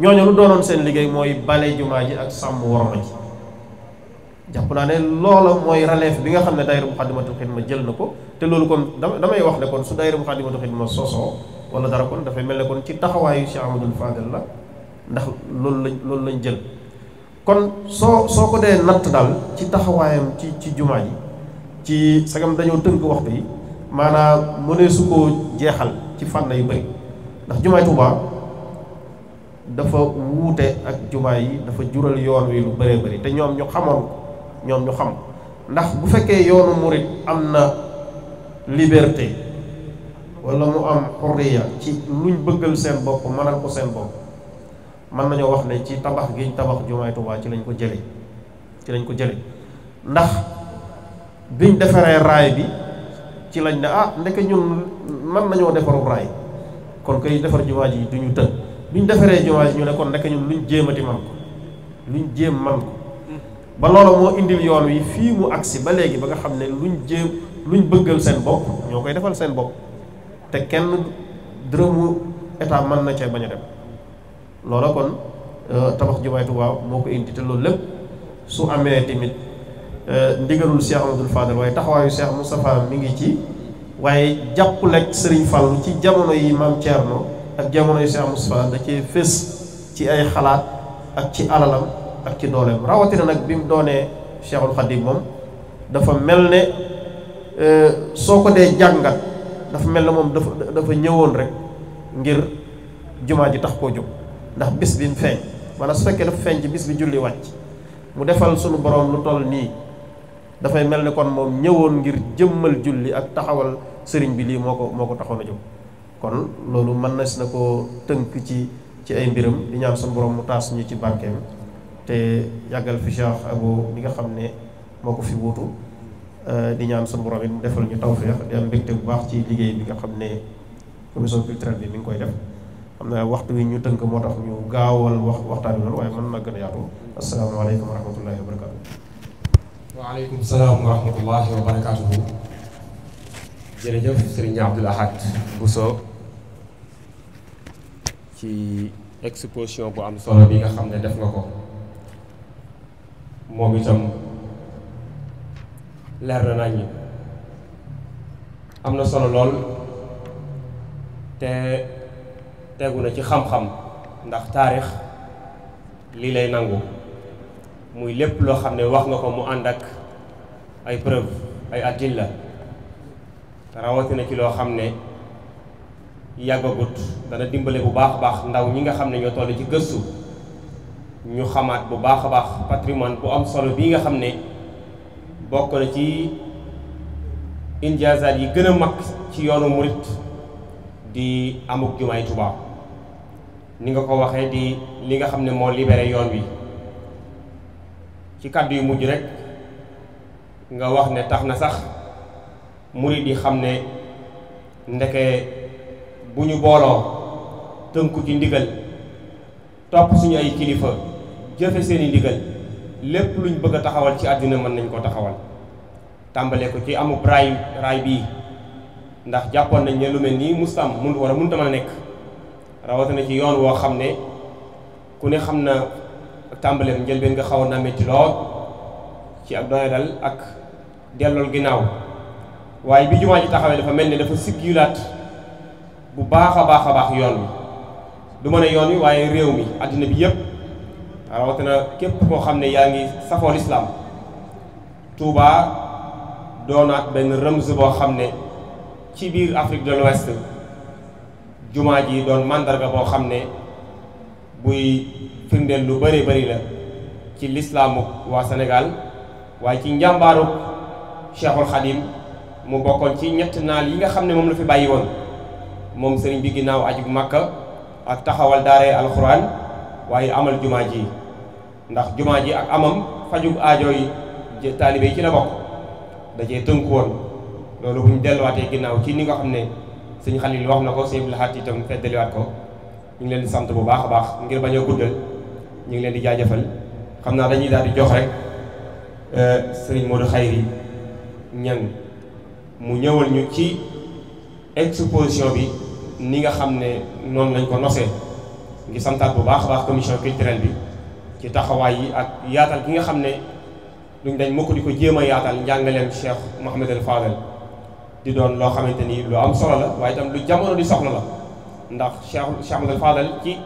ñooñu lu doonoon seen liggéey mooy bale jumaa ji ak sàmm worma ji jàpp naa ne looloo mooy relève bi nga xam ne daayira Muxaddamatul ma jël na ko te loolu kon damay wax ne kon su daayira Moukhaddamatoul Khidma sosoo wala dara kon dafay mel ne kon ci taxawaayu Cheikh Amadou Fadel la ndax loolu lañ loolu lañ jël kon soo soo ko dee natt daal ci taxawaayam ci ci jumaa ji ci sagam dañoo tënk waxtu yi maanaam mu ne su ko jeexal ci fànn yu bëri ndax jumaay Tuubaa dafa wuute ak jumaa yi dafa jural yoon wi lu bëree bari te ñoom ñu xamoon ñoom ñu xam ndax bu fekkee yoonu murit am na liberté wala mu am xurriya ci luñ bëggal seen bopp mënal ko seen bopp mën nañoo wax ne ci tabax giñ tabax jumaay Tuubaa ci lañ ko jële ci lañ ko jële ndax biñ defaree raay bi ci lañ ne ah ndeke ñun mën nañoo defarub raay kon koy defar jumaa ji duñu të luñ defaree jumaa ji ñu ne kon ndeke ñun luñ jéemati man ko luñ jéem man ko hmm. ba loolu moo indil yoon wi fii mu agsi ba léegi ba nga xam ne luñ jéem luñ bëggal seen bopp ñoo koy defal seen bopp te kenn dërëmu état mën na cee bañ a dem loola kon euh, tabax jumaay Tuubaa moo ko indi te loolu lépp su amee tamit euh, ndigalul Cheikh Amadou Fadel waaye taxawaayu Cheikh Moustapha mu ngi ci waaye jàppaleeg Serigne Fall ci jamono yi maam Thierno ak jamono yi Cheikh Moustapha da cee fés ci ay xalaat ak ci alalam ak ci dooleem rawatina nag bi mu doonee Cheikhul Khadim moom dafa mel ne. Eh, soo ko dee jàngat dafa mel na moom dafa dafa ñëwoon rek ngir jumaa ji tax koo jóg ndax bis bi mu feeñ maanaam su fekkee dafa feeñ ci bis bi julli wàcc mu defal sunu borom lu toll nii dafay mel ni kon moom ñëwoon ngir jëmmal julli ak taxawal sëriñ bi lii moo ko moo ko taxoon a jóg kon loolu mën na si na koo tënk ci ci ay mbiram di ñaan sunu borom mu taas ñu ci barkeem te yàggal fi Cheikh Abo nga xam ne moo ko fi wuutu Euh, di ñaam suñu borom it mu defal ñu tawféex di am mbégte bu baax ci liggéey bi nga xam ne commission culturelle bi mi ngi koy def xam na waxtu wi ñu tënk moo tax ñu gaawal wax waxtaan bi loolu waaye mën na gën a yaatu asalaamaaleykum wa rahmatullahi wa barakaatu. waaleykum salaam wa rahmatullahi wa barakaatu. jërëjëf Serigne Abdoul Ahad Bousso ci exposition bu am solo bi nga xam ne def nga ko moom itam. leer na nañ ñi am na solo lool te tegu na ci xam-xam ndax taarix lii lay nangu muy lépp loo xam ne wax nga ko mu ànd ak ay preuve ay adilla rawatina ci loo xam ne yàggagut dana dimbale bu baax a baax ndaw ñi nga xam ne ñoo toll ci gëstu ñu xamaat bu baax a baax patrimoine bu am solo bii nga xam ne bokk na ci injaasaat yi gën a mag ci yoonu murit di amuk jumaay Tuubaa ni nga ko waxee di li nga xam ne moo libéré yoon wi ci kàddu yu mujj rek nga wax ne tax na sax murit yi xam ne ndeke bu ñu booloo tënku ci ndigal topp suñu ay kilifa jëfe seeni ndigal lépp luñ bëgg a taxawal ci àddina mën nañ koo taxawal tàmbalee ko ci amub raay raay bii ndax jàppoon nañ ne lu mel nii mustam mun war a mënta mën a nekk rawatina ci yoon woo xam ne ku ne xam na tàmbaleem njëlbeen nga xawoon naa métti lool ci ak doy ak dellool ginnaaw waaye bi jumaa ji taxawee dafa mel ni dafa sikkiyulaat bu baax a baax a baax yoon wi du mën yoon wi waaye réew mi àddina bi yépp rawatina képp koo xam ne yaa ngi safoo lislaam Touba doonaat benn rëmz boo xam ne ci biir Afrique de l'Ouest jumaa ji doon màndarga boo xam ne buy firndeel lu bëree bëri la ci lislaamu waa Sénégal waaye ci njàmbaaru Cheikhul Khadim mu bokkoon ci ñett naal yi nga xam ne moom la fi bàyyi woon moom sëriñ bi ginnaaw aj Makka ak taxawal daaree alxuraan waaye amal jumaa ji ndax jumaa ji ak amam fajug aajo yi taalibe yi ci la bokk da cee tënku woon loolu bu ñu delluwaatee ginnaaw ci ni nga xam ne sëñ Xalil wax na ko sëñ Abdul Ahad itam feddaliwaat ko ñu leen di sant bu baax a baax ngir bañ a guddal ñu ngi leen di jaajëfal xam naa dañuy daal di jox rek euh, sëriñ Modou Khayri ñan mu ñëwal ñu ci exposition bi ni nga xam ne noonu lañ ko nosee ngi santaat bu baax baax commission culturelle bi ci taxawaay yi ak yaatal gi nga xam ne luñ dañ mokk di ko jéem a yaatal njàngaleem Cheikh Mouhamadul Fadel di doon loo xamante ni lu am solo la waaye itam lu jamono di soxla la ndax Cheikh Cheikh Mouhamadul Fadel ci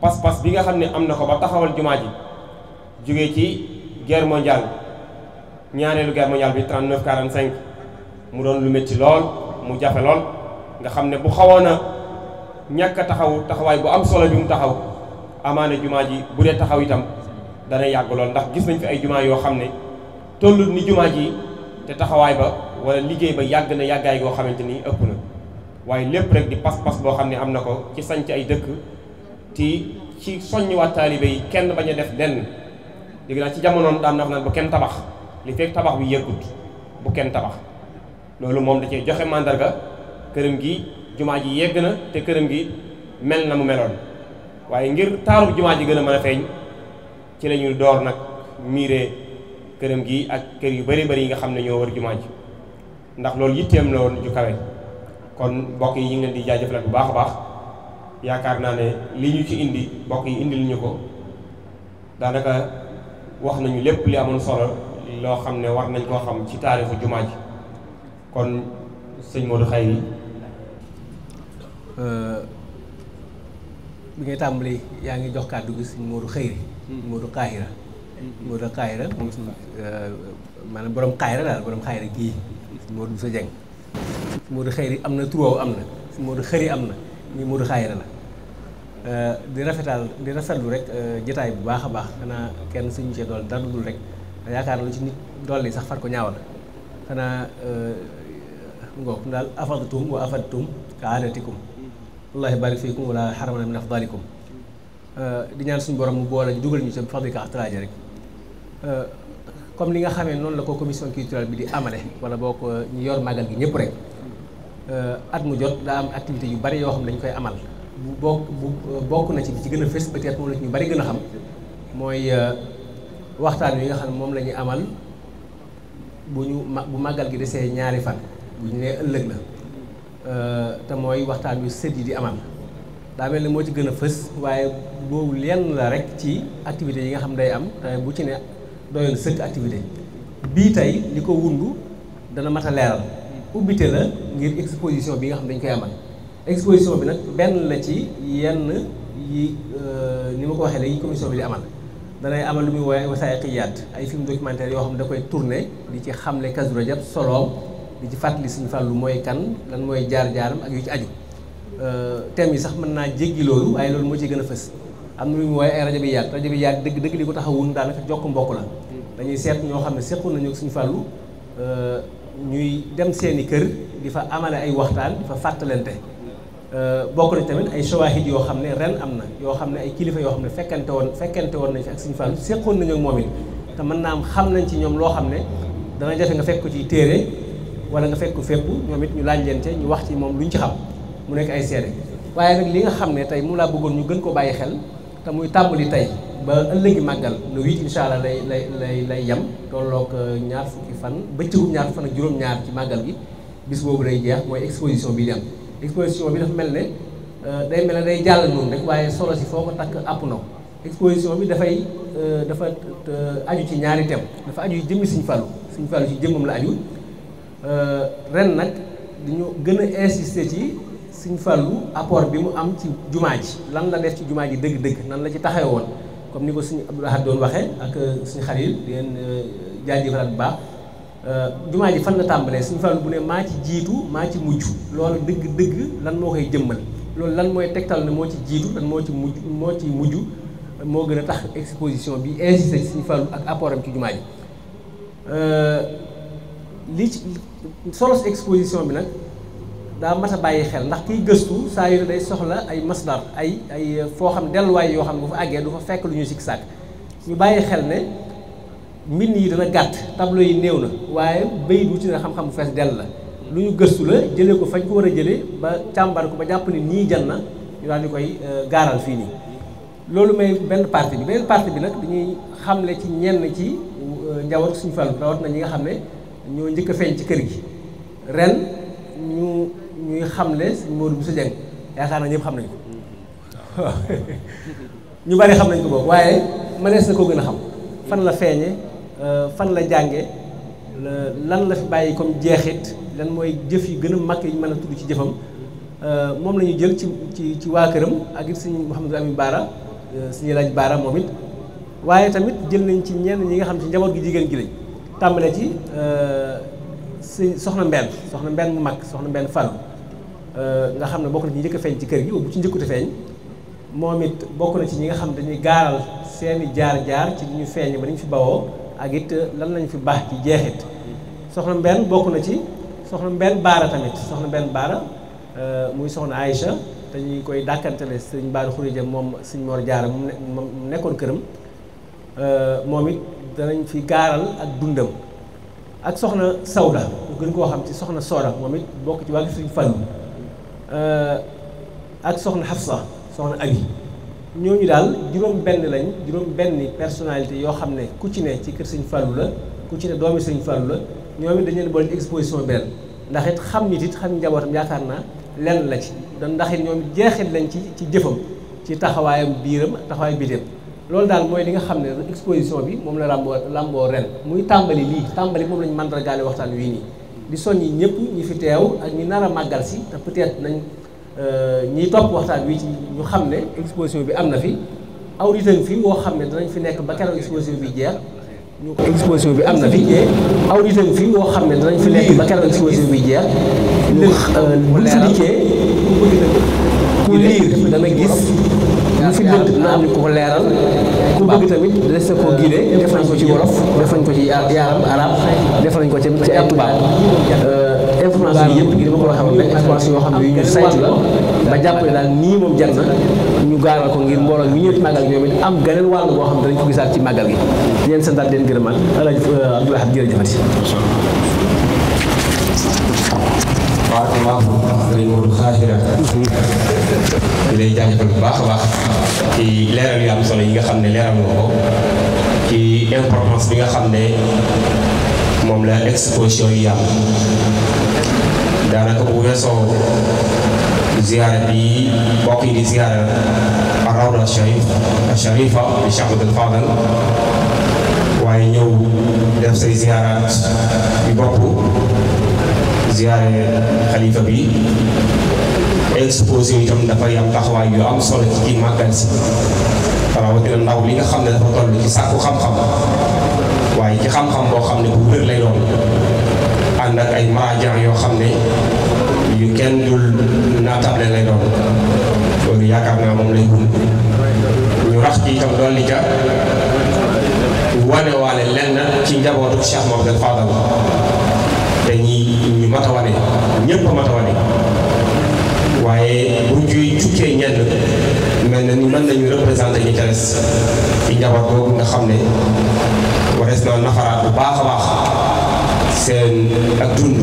pas-pas bi nga xam ne am na ko ba taxawal jumaa ji jógee ci guerre mondiale ñaareelu guerre mondiale bi 39 45 mu doon lu métti lool mu jafe lool nga xam ne bu xawoon ñàkk a taxaw taxawaay bu am solo bi mu taxaw amaana jumaa ji bu dee taxaw itam dana yàgg lool ndax gis nañ fi ay jumaa yoo xam ne tollul ni jumaa ji te taxawaay ba wala liggéey ba yàgg na yàggaay goo xamante ni ëpp na waaye lépp rek di pas-pas boo xam ne am na ko ci sanc ay dëkk ti ci soññiwaat taalibe yi kenn bañ a def lenn dégg naa ci jamonoon daan na wax naan bu kenn tabax li fekk tabax bi yëggut bu kenn tabax loolu moom da cee joxe màndarga këram gi jumaa ji yegg na te këram gi mel na mu meloon waaye ngir taarub jumaa ji gën a mën a feeñ ci la door nag miire këram gi ak kër yu bari bari yi nga xam ne ñoo wër jumaa ji ndax loolu yitteem la woon ju kawe kon mbokk yi ñu ngi leen di jaajëfal bu baax a baax yaakaar naa ne li ñu ci indi mbokk yi indil ñu ko daanaka wax nañu lépp li amoon solo loo xam ne war nañ koo xam ci taarixu jumaa ji kon sëñ xay Khayri Euh, bi ngay tàmbali yaa ngi jox kàddu gi suñ Modou Xëyri Modou Kaahira mm-hmm. Modou Kaahira moom suñ euh, maanaam borom Kaahira daal borom Kaahira gii suñ Xëyri am na turoow am na suñ Modou Xëri am na ñii Modou Kaahira la euh, di rafetal di rafetlu rek jotaay bu baax a baax xanaa kenn suñu cee dool dara dul rek yaakaar lu ci nit dolli sax far ko ñaawal xanaa ngoog daal afadatum wa afadtum ka aadatikum wallaahi barik fiikum wala xaramana min afdalikum euh, di ñaan suñu borom mu boole ñu dugal ñu ci fabrica traje rek euh, comme li nga xamee noonu la ko commission culturelle bi di amale wala boo ko euh, ñu yor màggal gi ñëpp rek at mu jot daa am activité yu bari yoo xam ne dañu koy amal bu bokk bu bokk na ci bi ci gën a fës peut moom la ñu bari gën a xam mooy waxtaan wi nga xam ne moom lañuy amal bu ñu ma bu màggal gi desee ñaari fan bu ñu nee ëllëg la Euh, te mooy waxtaan wi sët yi di amal daa mel ne moo ci gën a fës waaye boobu lenn la rek ci activité yi nga xam day am te bu ci ne doyoon sëkk activité bii tey li ko wundu dana mat a leeral ubbite la ngir exposition bi nga xam dañ koy amal exposition bi nag benn la ci yenn yi euh, ni ma ko waxee léegi commission bi di amal danay amal lu muy woowee wasaaye xiyaat ay film documentaire yoo xam ne da koy tourné di ci xamle Kazu Rajab soloom di ci fàttali suñu fàllu mooy kan lan mooy jaar-jaaram ak yu ci aju euh, thème yi sax mën naa jéggi loolu waaye loolu moo ci gën a fës am na lu ay rajo bi yaat rajo bi yaat dëgg dëgg li ko taxawun daanaka jokk mbokk la dañuy seet ñoo xam ne seqoon nañu ak suñu fàllu euh, ñuy dem seeni kër di fa amale ay waxtaan di fa fàttalante euh, bokk na tamit ay shawaahid yoo xam ne ren am na yoo xam ne ay kilifa yoo xam ne fekkante woon fekkante woon nañ fi ak suñu fàllu seqoon nañu ak moom it te mën naa am xam nañ ci ñoom loo xam ne dana jafe nga fekk ko ci téere wala nga fekk fépp ñoom it ñu laaj leen ñu wax ci moom lu ñu ci xam mu nekk ay seede waaye nag li nga xam ne tey mu laa bëggoon ñu gën ko bàyyi xel te muy tàmbali tey ba ëllëgi màggal le huit allah lay lay lay lay yem tolloog euh, ñaar fukki fan bëccëgu ñaar fan ak juróom-ñaar ci màggal gi bis boobu lay jeex mooy exposition bi dem exposition bi dafa mel ne euh, day mel ne day jàll noonu rek waaye solo si foo ko takk àpp na ko exposition bi dafay euh, dafa aju ci ñaari thème dafa aju jëmmi Sëñ Fallu Sëñ Fallu ci jëmmam la aju Euh, ren nag dañoo gën a insister ci Sëñ lu apport bi mu am ci jumaa ji lan la def ci jumaa ji dëgg-dëgg nan la ci taxawe woon comme ni ko Sëñ Abdou Lahad doon waxee ak euh, Sëñ Xalil di leen euh, jaajëfalaat bu baax jumaa ji fan la tàmbalee Sëñ Fallou bu ne maa ci jiitu maa ci mujj loolu dëgg-dëgg lan moo koy jëmmal loolu lan mooy tegtal ne moo ci jiitu lan moo ci mujj moo ci mujj moo gën a tax exposition bi insister ci Sëñ Fallou ak apport am ci jumaa ji lii ci solo exposition bi nag daa mat bàyyi xel ndax kiy gëstu saa yu day soxla ay masdar ay ay foo xam delluwaay yoo xam ne bu fa àggee du fa fekk lu ñu sikk sàkk ñu bàyyi xel ne mbind yi dana gàtt tableau yi néew na waaye bayit wu ci ne xam-xam bu fees dell la lu ñu gëstu la jëlee ko fañ ko war a jëlee ba càmbar ko ba jàpp ni nii jan na ñu daal di koy euh, gaaral fii nii loolu may benn partie bi benn partie bi nag dañuy xamle ci ñenn ci euh, njaboot suñu fàllu na ñi nga xam ne ñoo njëkk a feeñ ci kër gi ren ñu ñuy xamle Modou Bousso Dieng yaakaar naa ñëpp xam nañ ko (laughs) ñu bari xam nañ ko boobu waaye mënees na koo gën a xam fan la feeñe euh, fan la jànge lan la fi bàyyi comme jeexit lan mooy jëf yi gën mag yi mën a tudd ci jëfam euh, moom la jël ci ci ci waa këram ak it suñu Mouhamadou Amin Baara euh, suñu laaj Baara moom it tamit jël nañ ci ñenn ñi nga xam ci njaboot gi jigéen gi lañ tàmbale ci euh, si soxna mbenn soxna mbenn mu mag soxna mbenn fàllu euh, nga xam ne bokk na ci njëkk a feeñ ci kër gi bu ci njëkkute feeñ moom it bokk na ci ñi nga xam dañuy gaaral seeni jaar-jaar ci li ñu feeñ ba dañu fi bawoo ak it lan lañu fi baax ci jeexit soxna mbenn bokk na ci soxna mbenn baara tamit soxna mbenn baara euh, muy soxna Aïcha te ñu koy dàkkantale sëñ Baara Xurija moom sëñ Mor Jaara mu nekkoon këram Euh, moom it danañ fi gaaral ak dundam ak soxna Sawda gën koo xam ci soxna Sooda moom it bokk ci wàllu suñu fan euh, ak soxna Hafsa soxna Abi ñooñu daal juróom benn lañ juróom benn personnalité yoo xam ne ku ci ne ci kër sëñ Fallou la ku ci ne doomi sëñ Fallou la ñoom it dañu leen boole exposition benn ndax it xam nit it xam njabootam yaakaar naa lenn la ci ndax it ñoom jeexit lañ ci ci jëfam ci taxawaayam biiram taxawaay bitéem loolu daal mooy li nga xam ne exposition bi moom la làmboo làmboo ren muy tàmbali lii tàmbali moom lañu màndargaale waxtaan wii nii di soññi ñëpp ñi fi teew ak ñi nar a màggal si te peut-être nañ euh, ñiy topp waxtaan wi ci ñu xam ne exposition bi am na fi aw ritam fi woo xam ne danañ fi nekk ba keroog exposition bi jeex ñu exposition bi am na fi aw fi woo xam ne danañ fi nekk ba keroog exposition bi jeex ñu euh, buñ si dikkee dana gis na am ñu ko leeral ku bëgg tamit des na ko guidé def ko ci wolof def ko ci yaaram arab def nañ ko ci ci ay tubaab euh, information yi yëpp ngi dama ko la yoo xam ne yu ñu saytu la ba jàpp ne daal nii moom jar na ñu gaaral ko ngir mbooloo mi ñëpp màggal gi am ganeen wàll boo xam ne dañ ko gisaat ci màggal gi leen santaat leen gërëmaat alaaj euh, Abdoulaye jërëjëfati baarakallaahu sëriñ Modou Khachira di lay jaajëfal bu baax a baax ci leeral am solo yi nga xam ne leeral nga ko ci importance bi nga xam ne moom la exposition yi am daanaka bu weesoo ziyaara bi mbokk yi ziyaara Rawda Sharif Sharifa di Cheikh Abdoul Fadal waaye ñëw def say ziyaaraat yu bokk ziare xalifa bi exposé itam dafay am taxawaay yu am solo ci màggal si rawatina ndaw li nga xam ne dafa toll ci sàkku xam-xam waaye ci xam-xam boo xam ne bu wér lay doon ànd ak ay maraajan yoo xam ne yu kenn dul naatable lay doon loolu yaakaar naa moom lay gum rax ci itam doon li ca wane waale lenn ci njabootu Cheikh Mouhamadou Fadal mata wane ñëpp waaye bu juy cukkee ñenn mel na ni mën nañu représenté ni ca des ci njaboot boobu nga xam ne warees na nafaraat bu baax a baax seen ak dund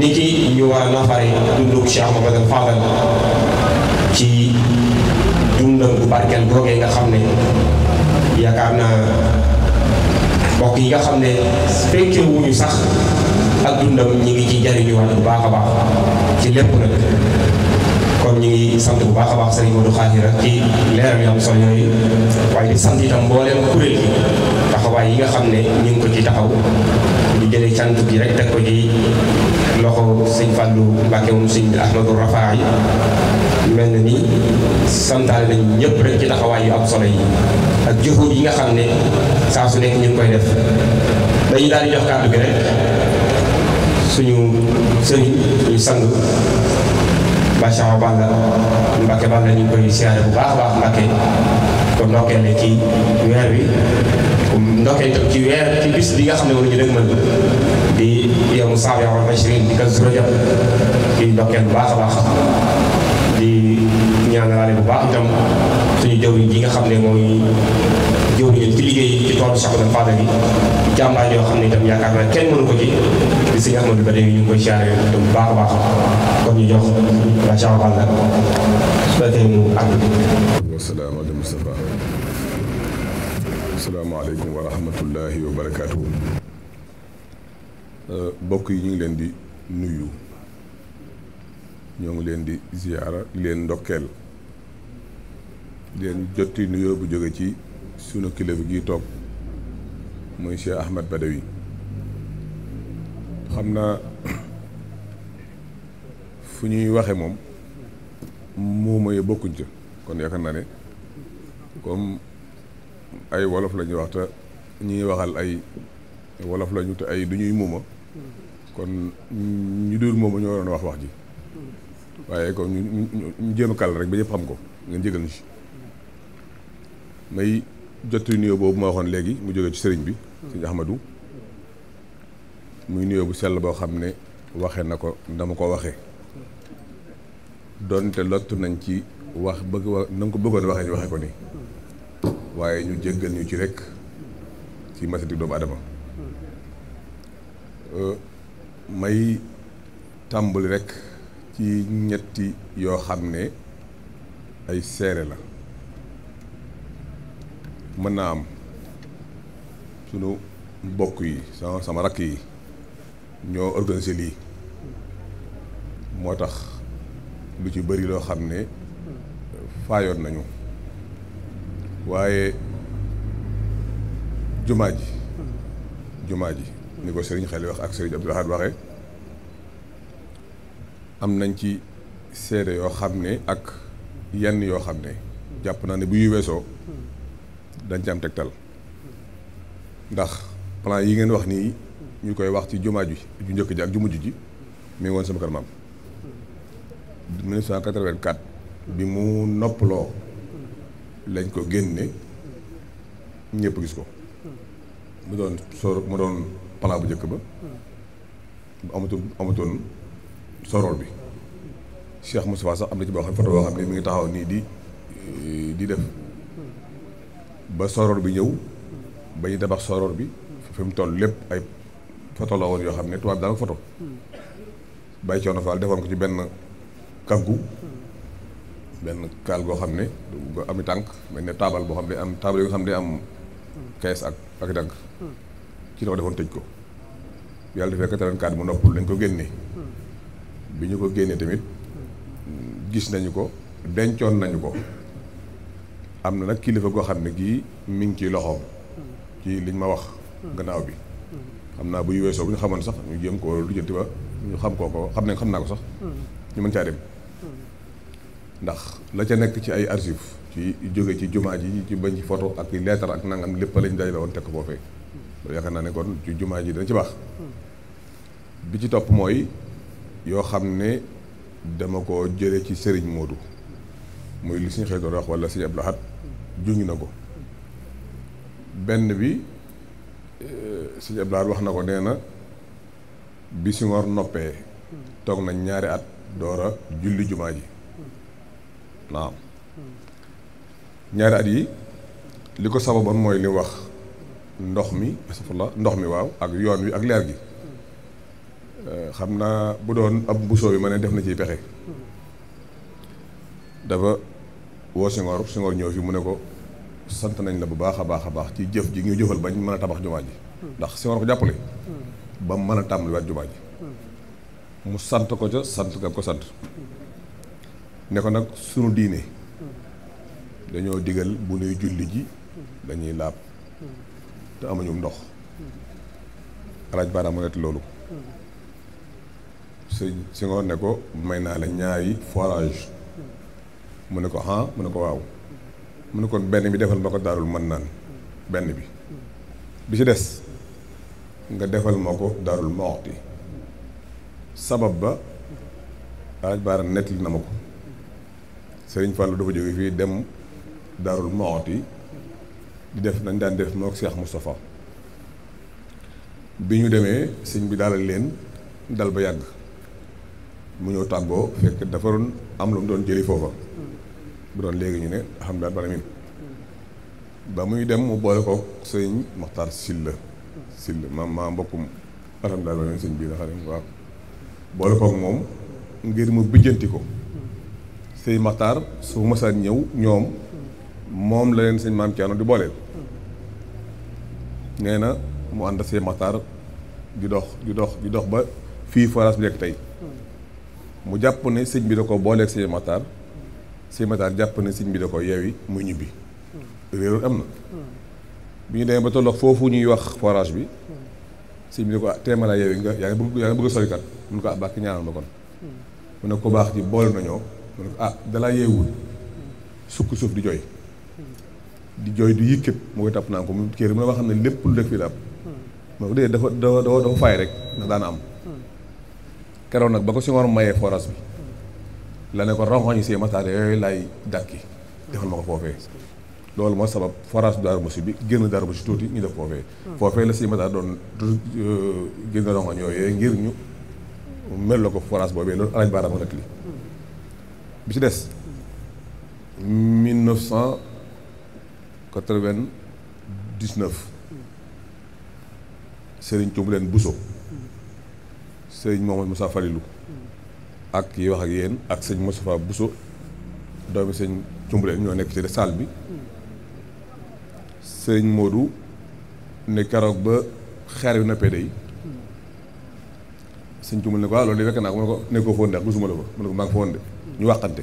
ni ki ñu war a nafare dundu Cheikh Mouhamadou Fadal ci dundam nga xam ne yaakaar naa mbokk yi ne wuñu sax ak dundam ñi ngi ci jariñuwaat bu baax a baax ci lépp nag kon ñu ngi sant bu baax a baax sëriñ Modou Xaadira ci leeram yu am solo yooyu waaye di sant itam mbooleem kuréel yi taxawaay yi nga xam ne ñu ko ci taxaw ñu jëlee cant bi rek teg ko ci loxo sëñ Fallou Mbacke moom sëñ Ahmadou Rafaay mel na ni santaale nañ ñëpp ci taxawaay yu am yi ak yi nga xam ne saa su nekk ñu koy def dañu daal di jox kàddu bi rek suñu sëriñ suñu sang Bachara Balla Mbacke Balla ñu koy siyaare bu baax a baax Mbacke ko ndokkeel ci weer bi ndokkeel itam ci weer ci bis bi nga xam ne moom la ñu dëgmal di yow Saabi wal Bachrin di Kazu Rajab di ndokkeel bu baax a baax di ñaanalaale bu baax itam suñu jaww ji nga xam ne mooy. góor ñi ci liggéey yoo xam ne itam ñu ngi koy siyaare waa Cheikh Fadal su la tey mu wa rahmatullahi wa barakaatu. Euh, bokk yi ñu ngi leen di nuyu ñoo ngi leen di ziyaara di leen ndokkeel leen jotti nuyoo bu jóge ci sunu kilifa gi toog mooy Cheikh Ahmed Badawi xam naa fu ñuy waxe moom muuma yi bokkuñ ca kon yaakaar na ne comme ay wolof la ñuy wax te waxal ay wolof la ñu te ay du ñuy muuma kon ñu dul muuma ñoo waroon wax wax ji waaye kon ñu jéem a kàll rek ba ñëpp xam ko ngeen jégal ñu si jottali nuyoo boobu ma waxoon léegi mu jógee ci sëriñ bi hmm. sëriñ Ahmadou muy nuyoo bu sell boo xam ne waxee na ko dama ko waxe doonte lottu nañ ci wax bëgg wa ko bëggoon waxee ñu waxee ko ni waaye ñu jéggal ñu ci rek ci masati doomu adama hmm. euh, may tàmbali rek ci ñetti yoo xam ne ay seere la mën naa am sunu mbokk yi sama sama rakk yi ñoo organisé lii moo tax lu ci bëri loo xam ne faayoon nañu waaye jumaa ji jumaa ji ni ko sëriñ xel wax ak sëriñ Abdou Lahad waxe am nañ ci seede yoo xam ne ak yenn yoo xam ne jàpp naa ne bu yu weesoo dañ ci am tegtal ndax plan yi ngeen wax nii ñu koy wax ci jumaa ji ju njëkk ji ak ju mujj ji mi ngi woon sama kër maam 1984 bi mu noppaloo lañ ko génne ñëpp gis ko mu doon sor mu doon plan bu njëkk ba amatoon amatoon sorool bi mu Moustapha sax am na ci boo xam photo boo xam ne ngi taxaw nii di di def ba soroor bi ñëw ba ñu tabax soroor bi fi mu toll lépp ay photo woon yoo xam ne tubaab daal foto bàyyi coono faal defoon ko ci benn kaggu benn kaal goo xam ne du ami tànk mel ne taabal boo xam ne am taabal yi xam ne am kees ak ak dànk ci la ko defoon tëj ko yàlla defee quatre-vingt-quatre noppul lañ ko génnee bi ñu ko génnee tamit gis nañu ko dencoon nañu ko am na nag kilifa goo xam ne gii mi ngi ciy loxoom. ci liñ ma wax. gannaaw bi. xam naa buy weesoo bu ñu xamoon sax ñu jëm koo lijjanti ba ñu xam koo ko xam nañ xam naa ko sax. ñu mën caa dem. ndax la ca nekk ci ay archives ci jóge ci jumaa ji ci bañ ci photo ak leetar ak nangam lépp lañ dajale woon teg ko foofee. naa ne kon ci jumaa ji dina ci baax. bi ci topp mooy yoo xam ne dama ko jële ci sëriñ Modou muy li suñu xëy doon wax wala Serigne Abdou Lahad juñ na ko benn bi eh, sëñ Abdoulaye wax na ko nee na bi si war noppee toog nañ ñaari at doora julli jumaa ji naam ñaari at yi li ko sababoon mooy li wax ndox mi ndox mi waaw ak yoon wi ak leer gi eh, xam naa bu doon ab mbusoo bi ma ne def na ciy pexe dafa woo Senghor Senghor ñëw fi mu ne ko sant nañ la bu baax a baax a baax ci jëf ji nga jëfal bañ mën a tabax jumaa ji hmm. ndax Senghor ko jàppale hmm. ba mën a tàmbaliwaat jumaa ji hmm. mu sant ko ca sant nga ko sant ne ko nag sunu diine dañoo digal bu nuy julli ji dañuy laab te amuñu ndox alaaj baaraam mu nett loolu sëñ si ne ko may naa la ñaari forage mu ne ko ah mu ne ko waaw mu ne kon benn bi defal ma ko daarul mën naan benn bi bi ci des nga defal ma ko daarul moxti sabab ba aaj baara nettali na ma ko sëriñ Fallou dafa jóge fii dem daarul moxti di def nañ daan def moo Cheikh Moustapha bi ñu demee sëñ bi daalal leen dal ba yàgg mu ñëw tàggoo fekk dafa doon am lu mu doon jëli foofa bu doon léegi ñu ne alhamdulilah baramin ba muy dem mu boole ko sëñ Maxtaar Silla Silla ma ma mbokkum alhamdulilah baramin sëñ bii la xam ne waaw boole kook moom ngir mu bijjanti ko sëñ Maxtaar su masaan ñëw ñoom moom la leen sëñ maam Thierno di booleel nee na mu ànd sëñ Maxtaar di dox di dox di dox ba fii forage bi nekk tey mu jàpp ne sëñ bi da ko booleeg sëñ Maxtaar sëñ Matar jàpp ne sëñ bi da ko yeewi mu ñibbi réeru am na bi ñu demee ba tollox foofu ñuy wax forage bi sëñ bi ne ko ah, teemalaa yeewi nga yaa ngi bëgg yaa ngi bëgg a sorikat mun ko ah bàkk ñaanal ma ko baax ji boole nañoo mu ne ko ah, di jooy di jooy di yëkkat mu koy tàpp naa ko mu kéer xam ne lépp lu dëkk fii la am moo ko dee dafa dafa dafa faay rek ndax daana am keroog nag ba ko si Senghor mayee forage bi la ne ko rongoñ yi see yooyu laay dàkki defal ma ko foofee loolu moo sabab forage Darou Mousty bi génn Darou Mousty tuuti ñu def foofee foofee la si mataar doon euh, génn rongoñ yooyu ngir ñu mel la ko forage boobee loolu alañ baaraam nag li bi ci des 1999 Serigne Toumboulen Bousso Serigne Mohamed Moussa Falilou ak yi wax ak yéen ak sëñ Moustapha Bousso doomi sëñ Cumbule ñoo nekk ci salle bi sëñ moodu ne keroog ba xeer yu noppee day sëñ ne ko ah loolu di fekk naa ko mu ne ko nekkoo foon de la ko mu ne ko maa ngi foon ñu waxante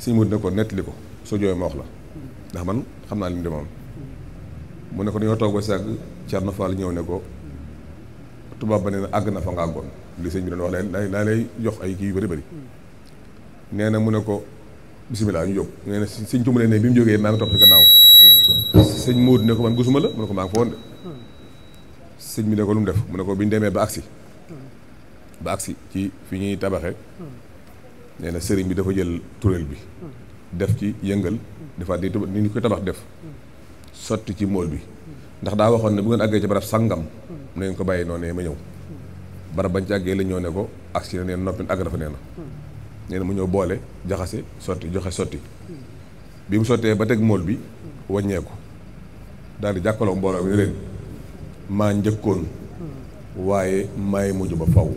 sëñ Modou ne ko nettali ko soo jooyee ma wax la ndax man xam naa li mu demoon mu ne ko dañoo toog ba sàgg Thierno ñëw ne ko tubaab ba ne na àgg na fa nga àggoon li sëñ bi doon wax daa daa lay jox ay kii yu bëri bëri nee na mu ne ko bisimilah ñu jóg nee na sëñ Tuuba ne bi mu jógee maa ngi topp ci gannaaw sëñ ne ko man gisuma la mu ne ko maa ngi fa woon bi ne ko lu def mu ne ko bi ñu demee ba agsi ba agsi ci fi ñuy tabaxe nee na sëriñ bi dafa jël turéel bi def ci yëngal defaat ni ñu koy tabax def sotti ci mool bi ndax daa waxoon ne bu ngeen àggee ci barab sàngam na ngeen ko bàyyi noonu ma ñëw barab bañ ci àggee la ñëw ne ko agsi na neen noppi àgg dafa nee na nee na boole jaxase sotti joxe sotti bi mu sottee ba teg mool bi wàññeeku daal di jàkkaloo mbooloo mi ne leen maa njëkkoon waaye maay mujj ba faw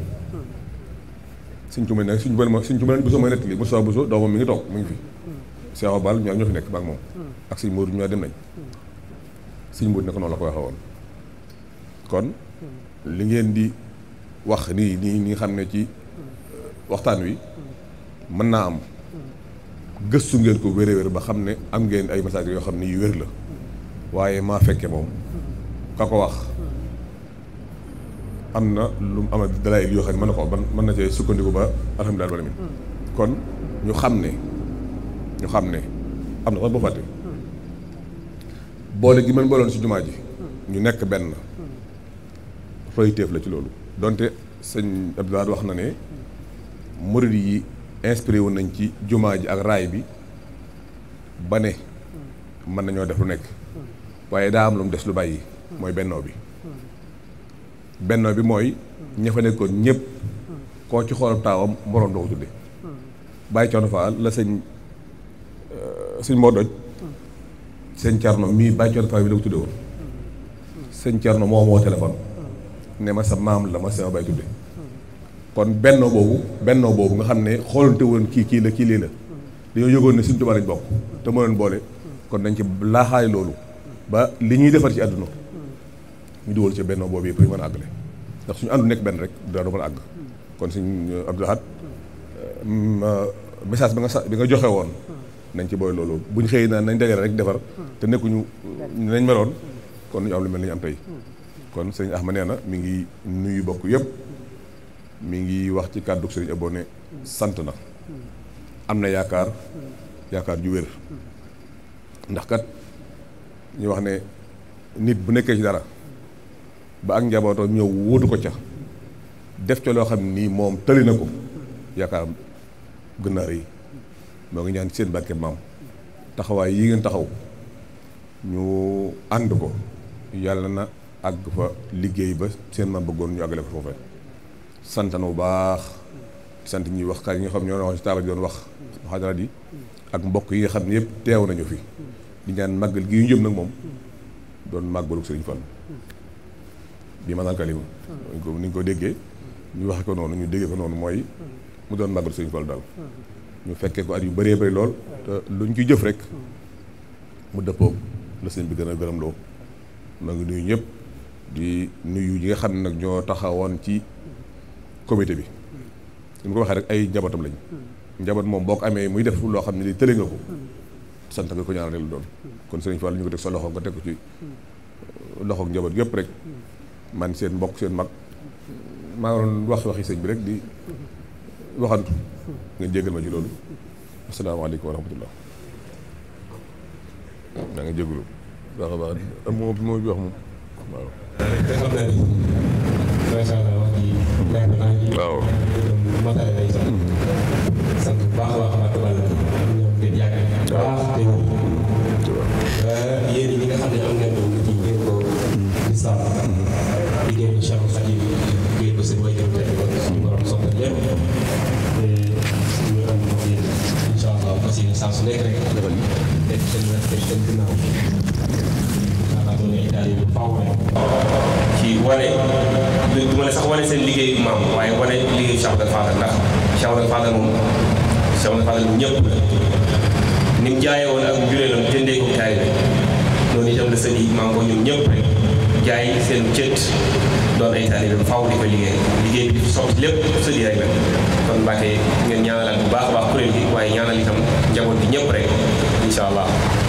suñ cu ma ne suñ bën suñ cu ma ne Bousso mooy nettali Moussa Bousso doomam mi ngi mu ngi fi Cheikh Abal ñoo ñoo nekk maag moom ak suñ Mourou ñoo dem nañ suñ Mourou ne noonu la ko waxee kon li ngeen di wax nii nii ñi xam ne ci euh, waxtaan wi mën naa am gëstu ngeen ko wér wér ba xam ne am ngeen ay message yoo xam ne yu wér la waaye maa fekke moom ka ko wax am na lu mu amal dalaay yoo xam mën na ko ban mën na cee sukkandiku ba alhamdulilah wala min ñu xam ne ñu xam am na sax boo fàtte boole gi mën booloon ci jumaa ji ñu nekk benn fay la ci loolu donte sëñ Abdoulaye wax na ne murid yi inspiré woon nañ ci jumaa ji ak raay bi ba ne mën nañoo def lu nekk waaye daa am lu mu des lu bàyyi mooy bennoo bi bennoo bi mooy ña fa nekkoon ñëpp koo ci xoolab taawam moroom doo ko tudde bàyyi coono la sëñ euh, sëñ moo doj sëñ Thierno mii bàyyi coono bi la ko tudde woon sëñ Thierno moo woo téléphone ne ma sa maam la ma sama bay tudde kon bennoo boobu bennoo boobu nga xam ne xoolante woon kii kii la kii lii la dañoo yëgoon ne Sëriñ Tuubaa lañ bokk te moo leen boole kon dañ ci laaxaay loolu ba li ñuy defar ci àdduna ñu dugal ci bennoo boobu yi pour ñu mën a suñu àndu nekk benn rek dara du àgg kon Sëriñ euh, Abdou Lahad euh, message bi nga sa bi nga joxe woon nañ ci booy loolu bu ñu xëyee nañ dajale rek defar te nekkuñu euh, nañ meloon kon ñu am lu mel ni ñu am tey kon sëñ Axma nee na mi ngi nuyu bokk yépp mi ngi wax ci kàddu sëñ Abone sant na am na yaakaar yaakaar ju wér ndax kat ñu wax ne nit bu nekkee ci dara ba ak njabootoo ñëw wóotu ko ca def ca loo xam nii moom tëli na ko yaakaar gën a rëy moo ngi ñaan ci seen barke maam taxawaay yi ngeen taxaw ñu ànd ko yàlla na àgg fa liggéey ba seen ma bëggoon ñu àggale ko foofee sant na bu baax sant ñuy wax kat yi nga xam ñoo wax ci taabal doon wax xadara yi ak mbokk yi nga xam ne yëpp teew nañu fi di ñaan màggal gi jëm nag moom doon màggalu Sëriñ Fall bi maanaam kalima ko ni ñu ko déggee ñu waxe ko noonu ñu déggee ko noonu mooy mu doon màggalu Sëriñ Fall daal ñu fekkee ko at yu bëree bëri lool te luñ ci jëf rek mu dëppoog la sëñ bi gën a gërëm loo maa ngi nuyu ñëpp di nuyu ñi nga xam ne nag ñoo taxawoon ci comité bi li ko waxee rek ay njabootam lañ njaboot moom boo amee muy def loo xam ne li tële ko sant nga ko ñaanal rek lu doon kon sëriñ Fall lañu ko teg sa loxo nga teg ko ci loxoog njaboot yépp rek man seen mbokk seen mag maa ngi doon wax waxi sëñ bi rek di waxantu ngeen jéggal ma ci loolu asalaamaaleykum wa rahmatullah maa moom bi wax moom te xam naa ni macha allah wax ji leer na naa ñu. waaw matale lay sax. sant bu baax a baax a baax ñoom ngeen yaakaar baax te ñëw. waaw yéen ñi nga xam ne am ngeen doom ci ngeen ko lislaam liggéey bi Cheikh Khadim liggéey ko seen way gëm tey ba suñu borom soxla lépp te ñu am ko yéen incha allah parce que saa su nekk rek dafa teg seen teg seen ginnaaw. waaw waaw loolu ay daal yu faw rek. wane du ma ne sax wane seen liggéey maam waaye wane liggéeyu Cheikh Abdoul Fadal ndax Cheikh Abdoul Fadal moom Cheikh Abdoul Fadal ñëpp la ni mu jaayee woon ak njureelam jëndee ko taalibe noonu itam la seen yi maam ko ñoom ñëpp rek jaay seen cët doon ay taalibe faaw di ko liggéey liggéey bi di soxla lépp seen rek la kon Mbacke ngeen ñaanalaat bu baax baax kuréel gi waaye ñaanal itam njaboot bi ñëpp rek incha allah.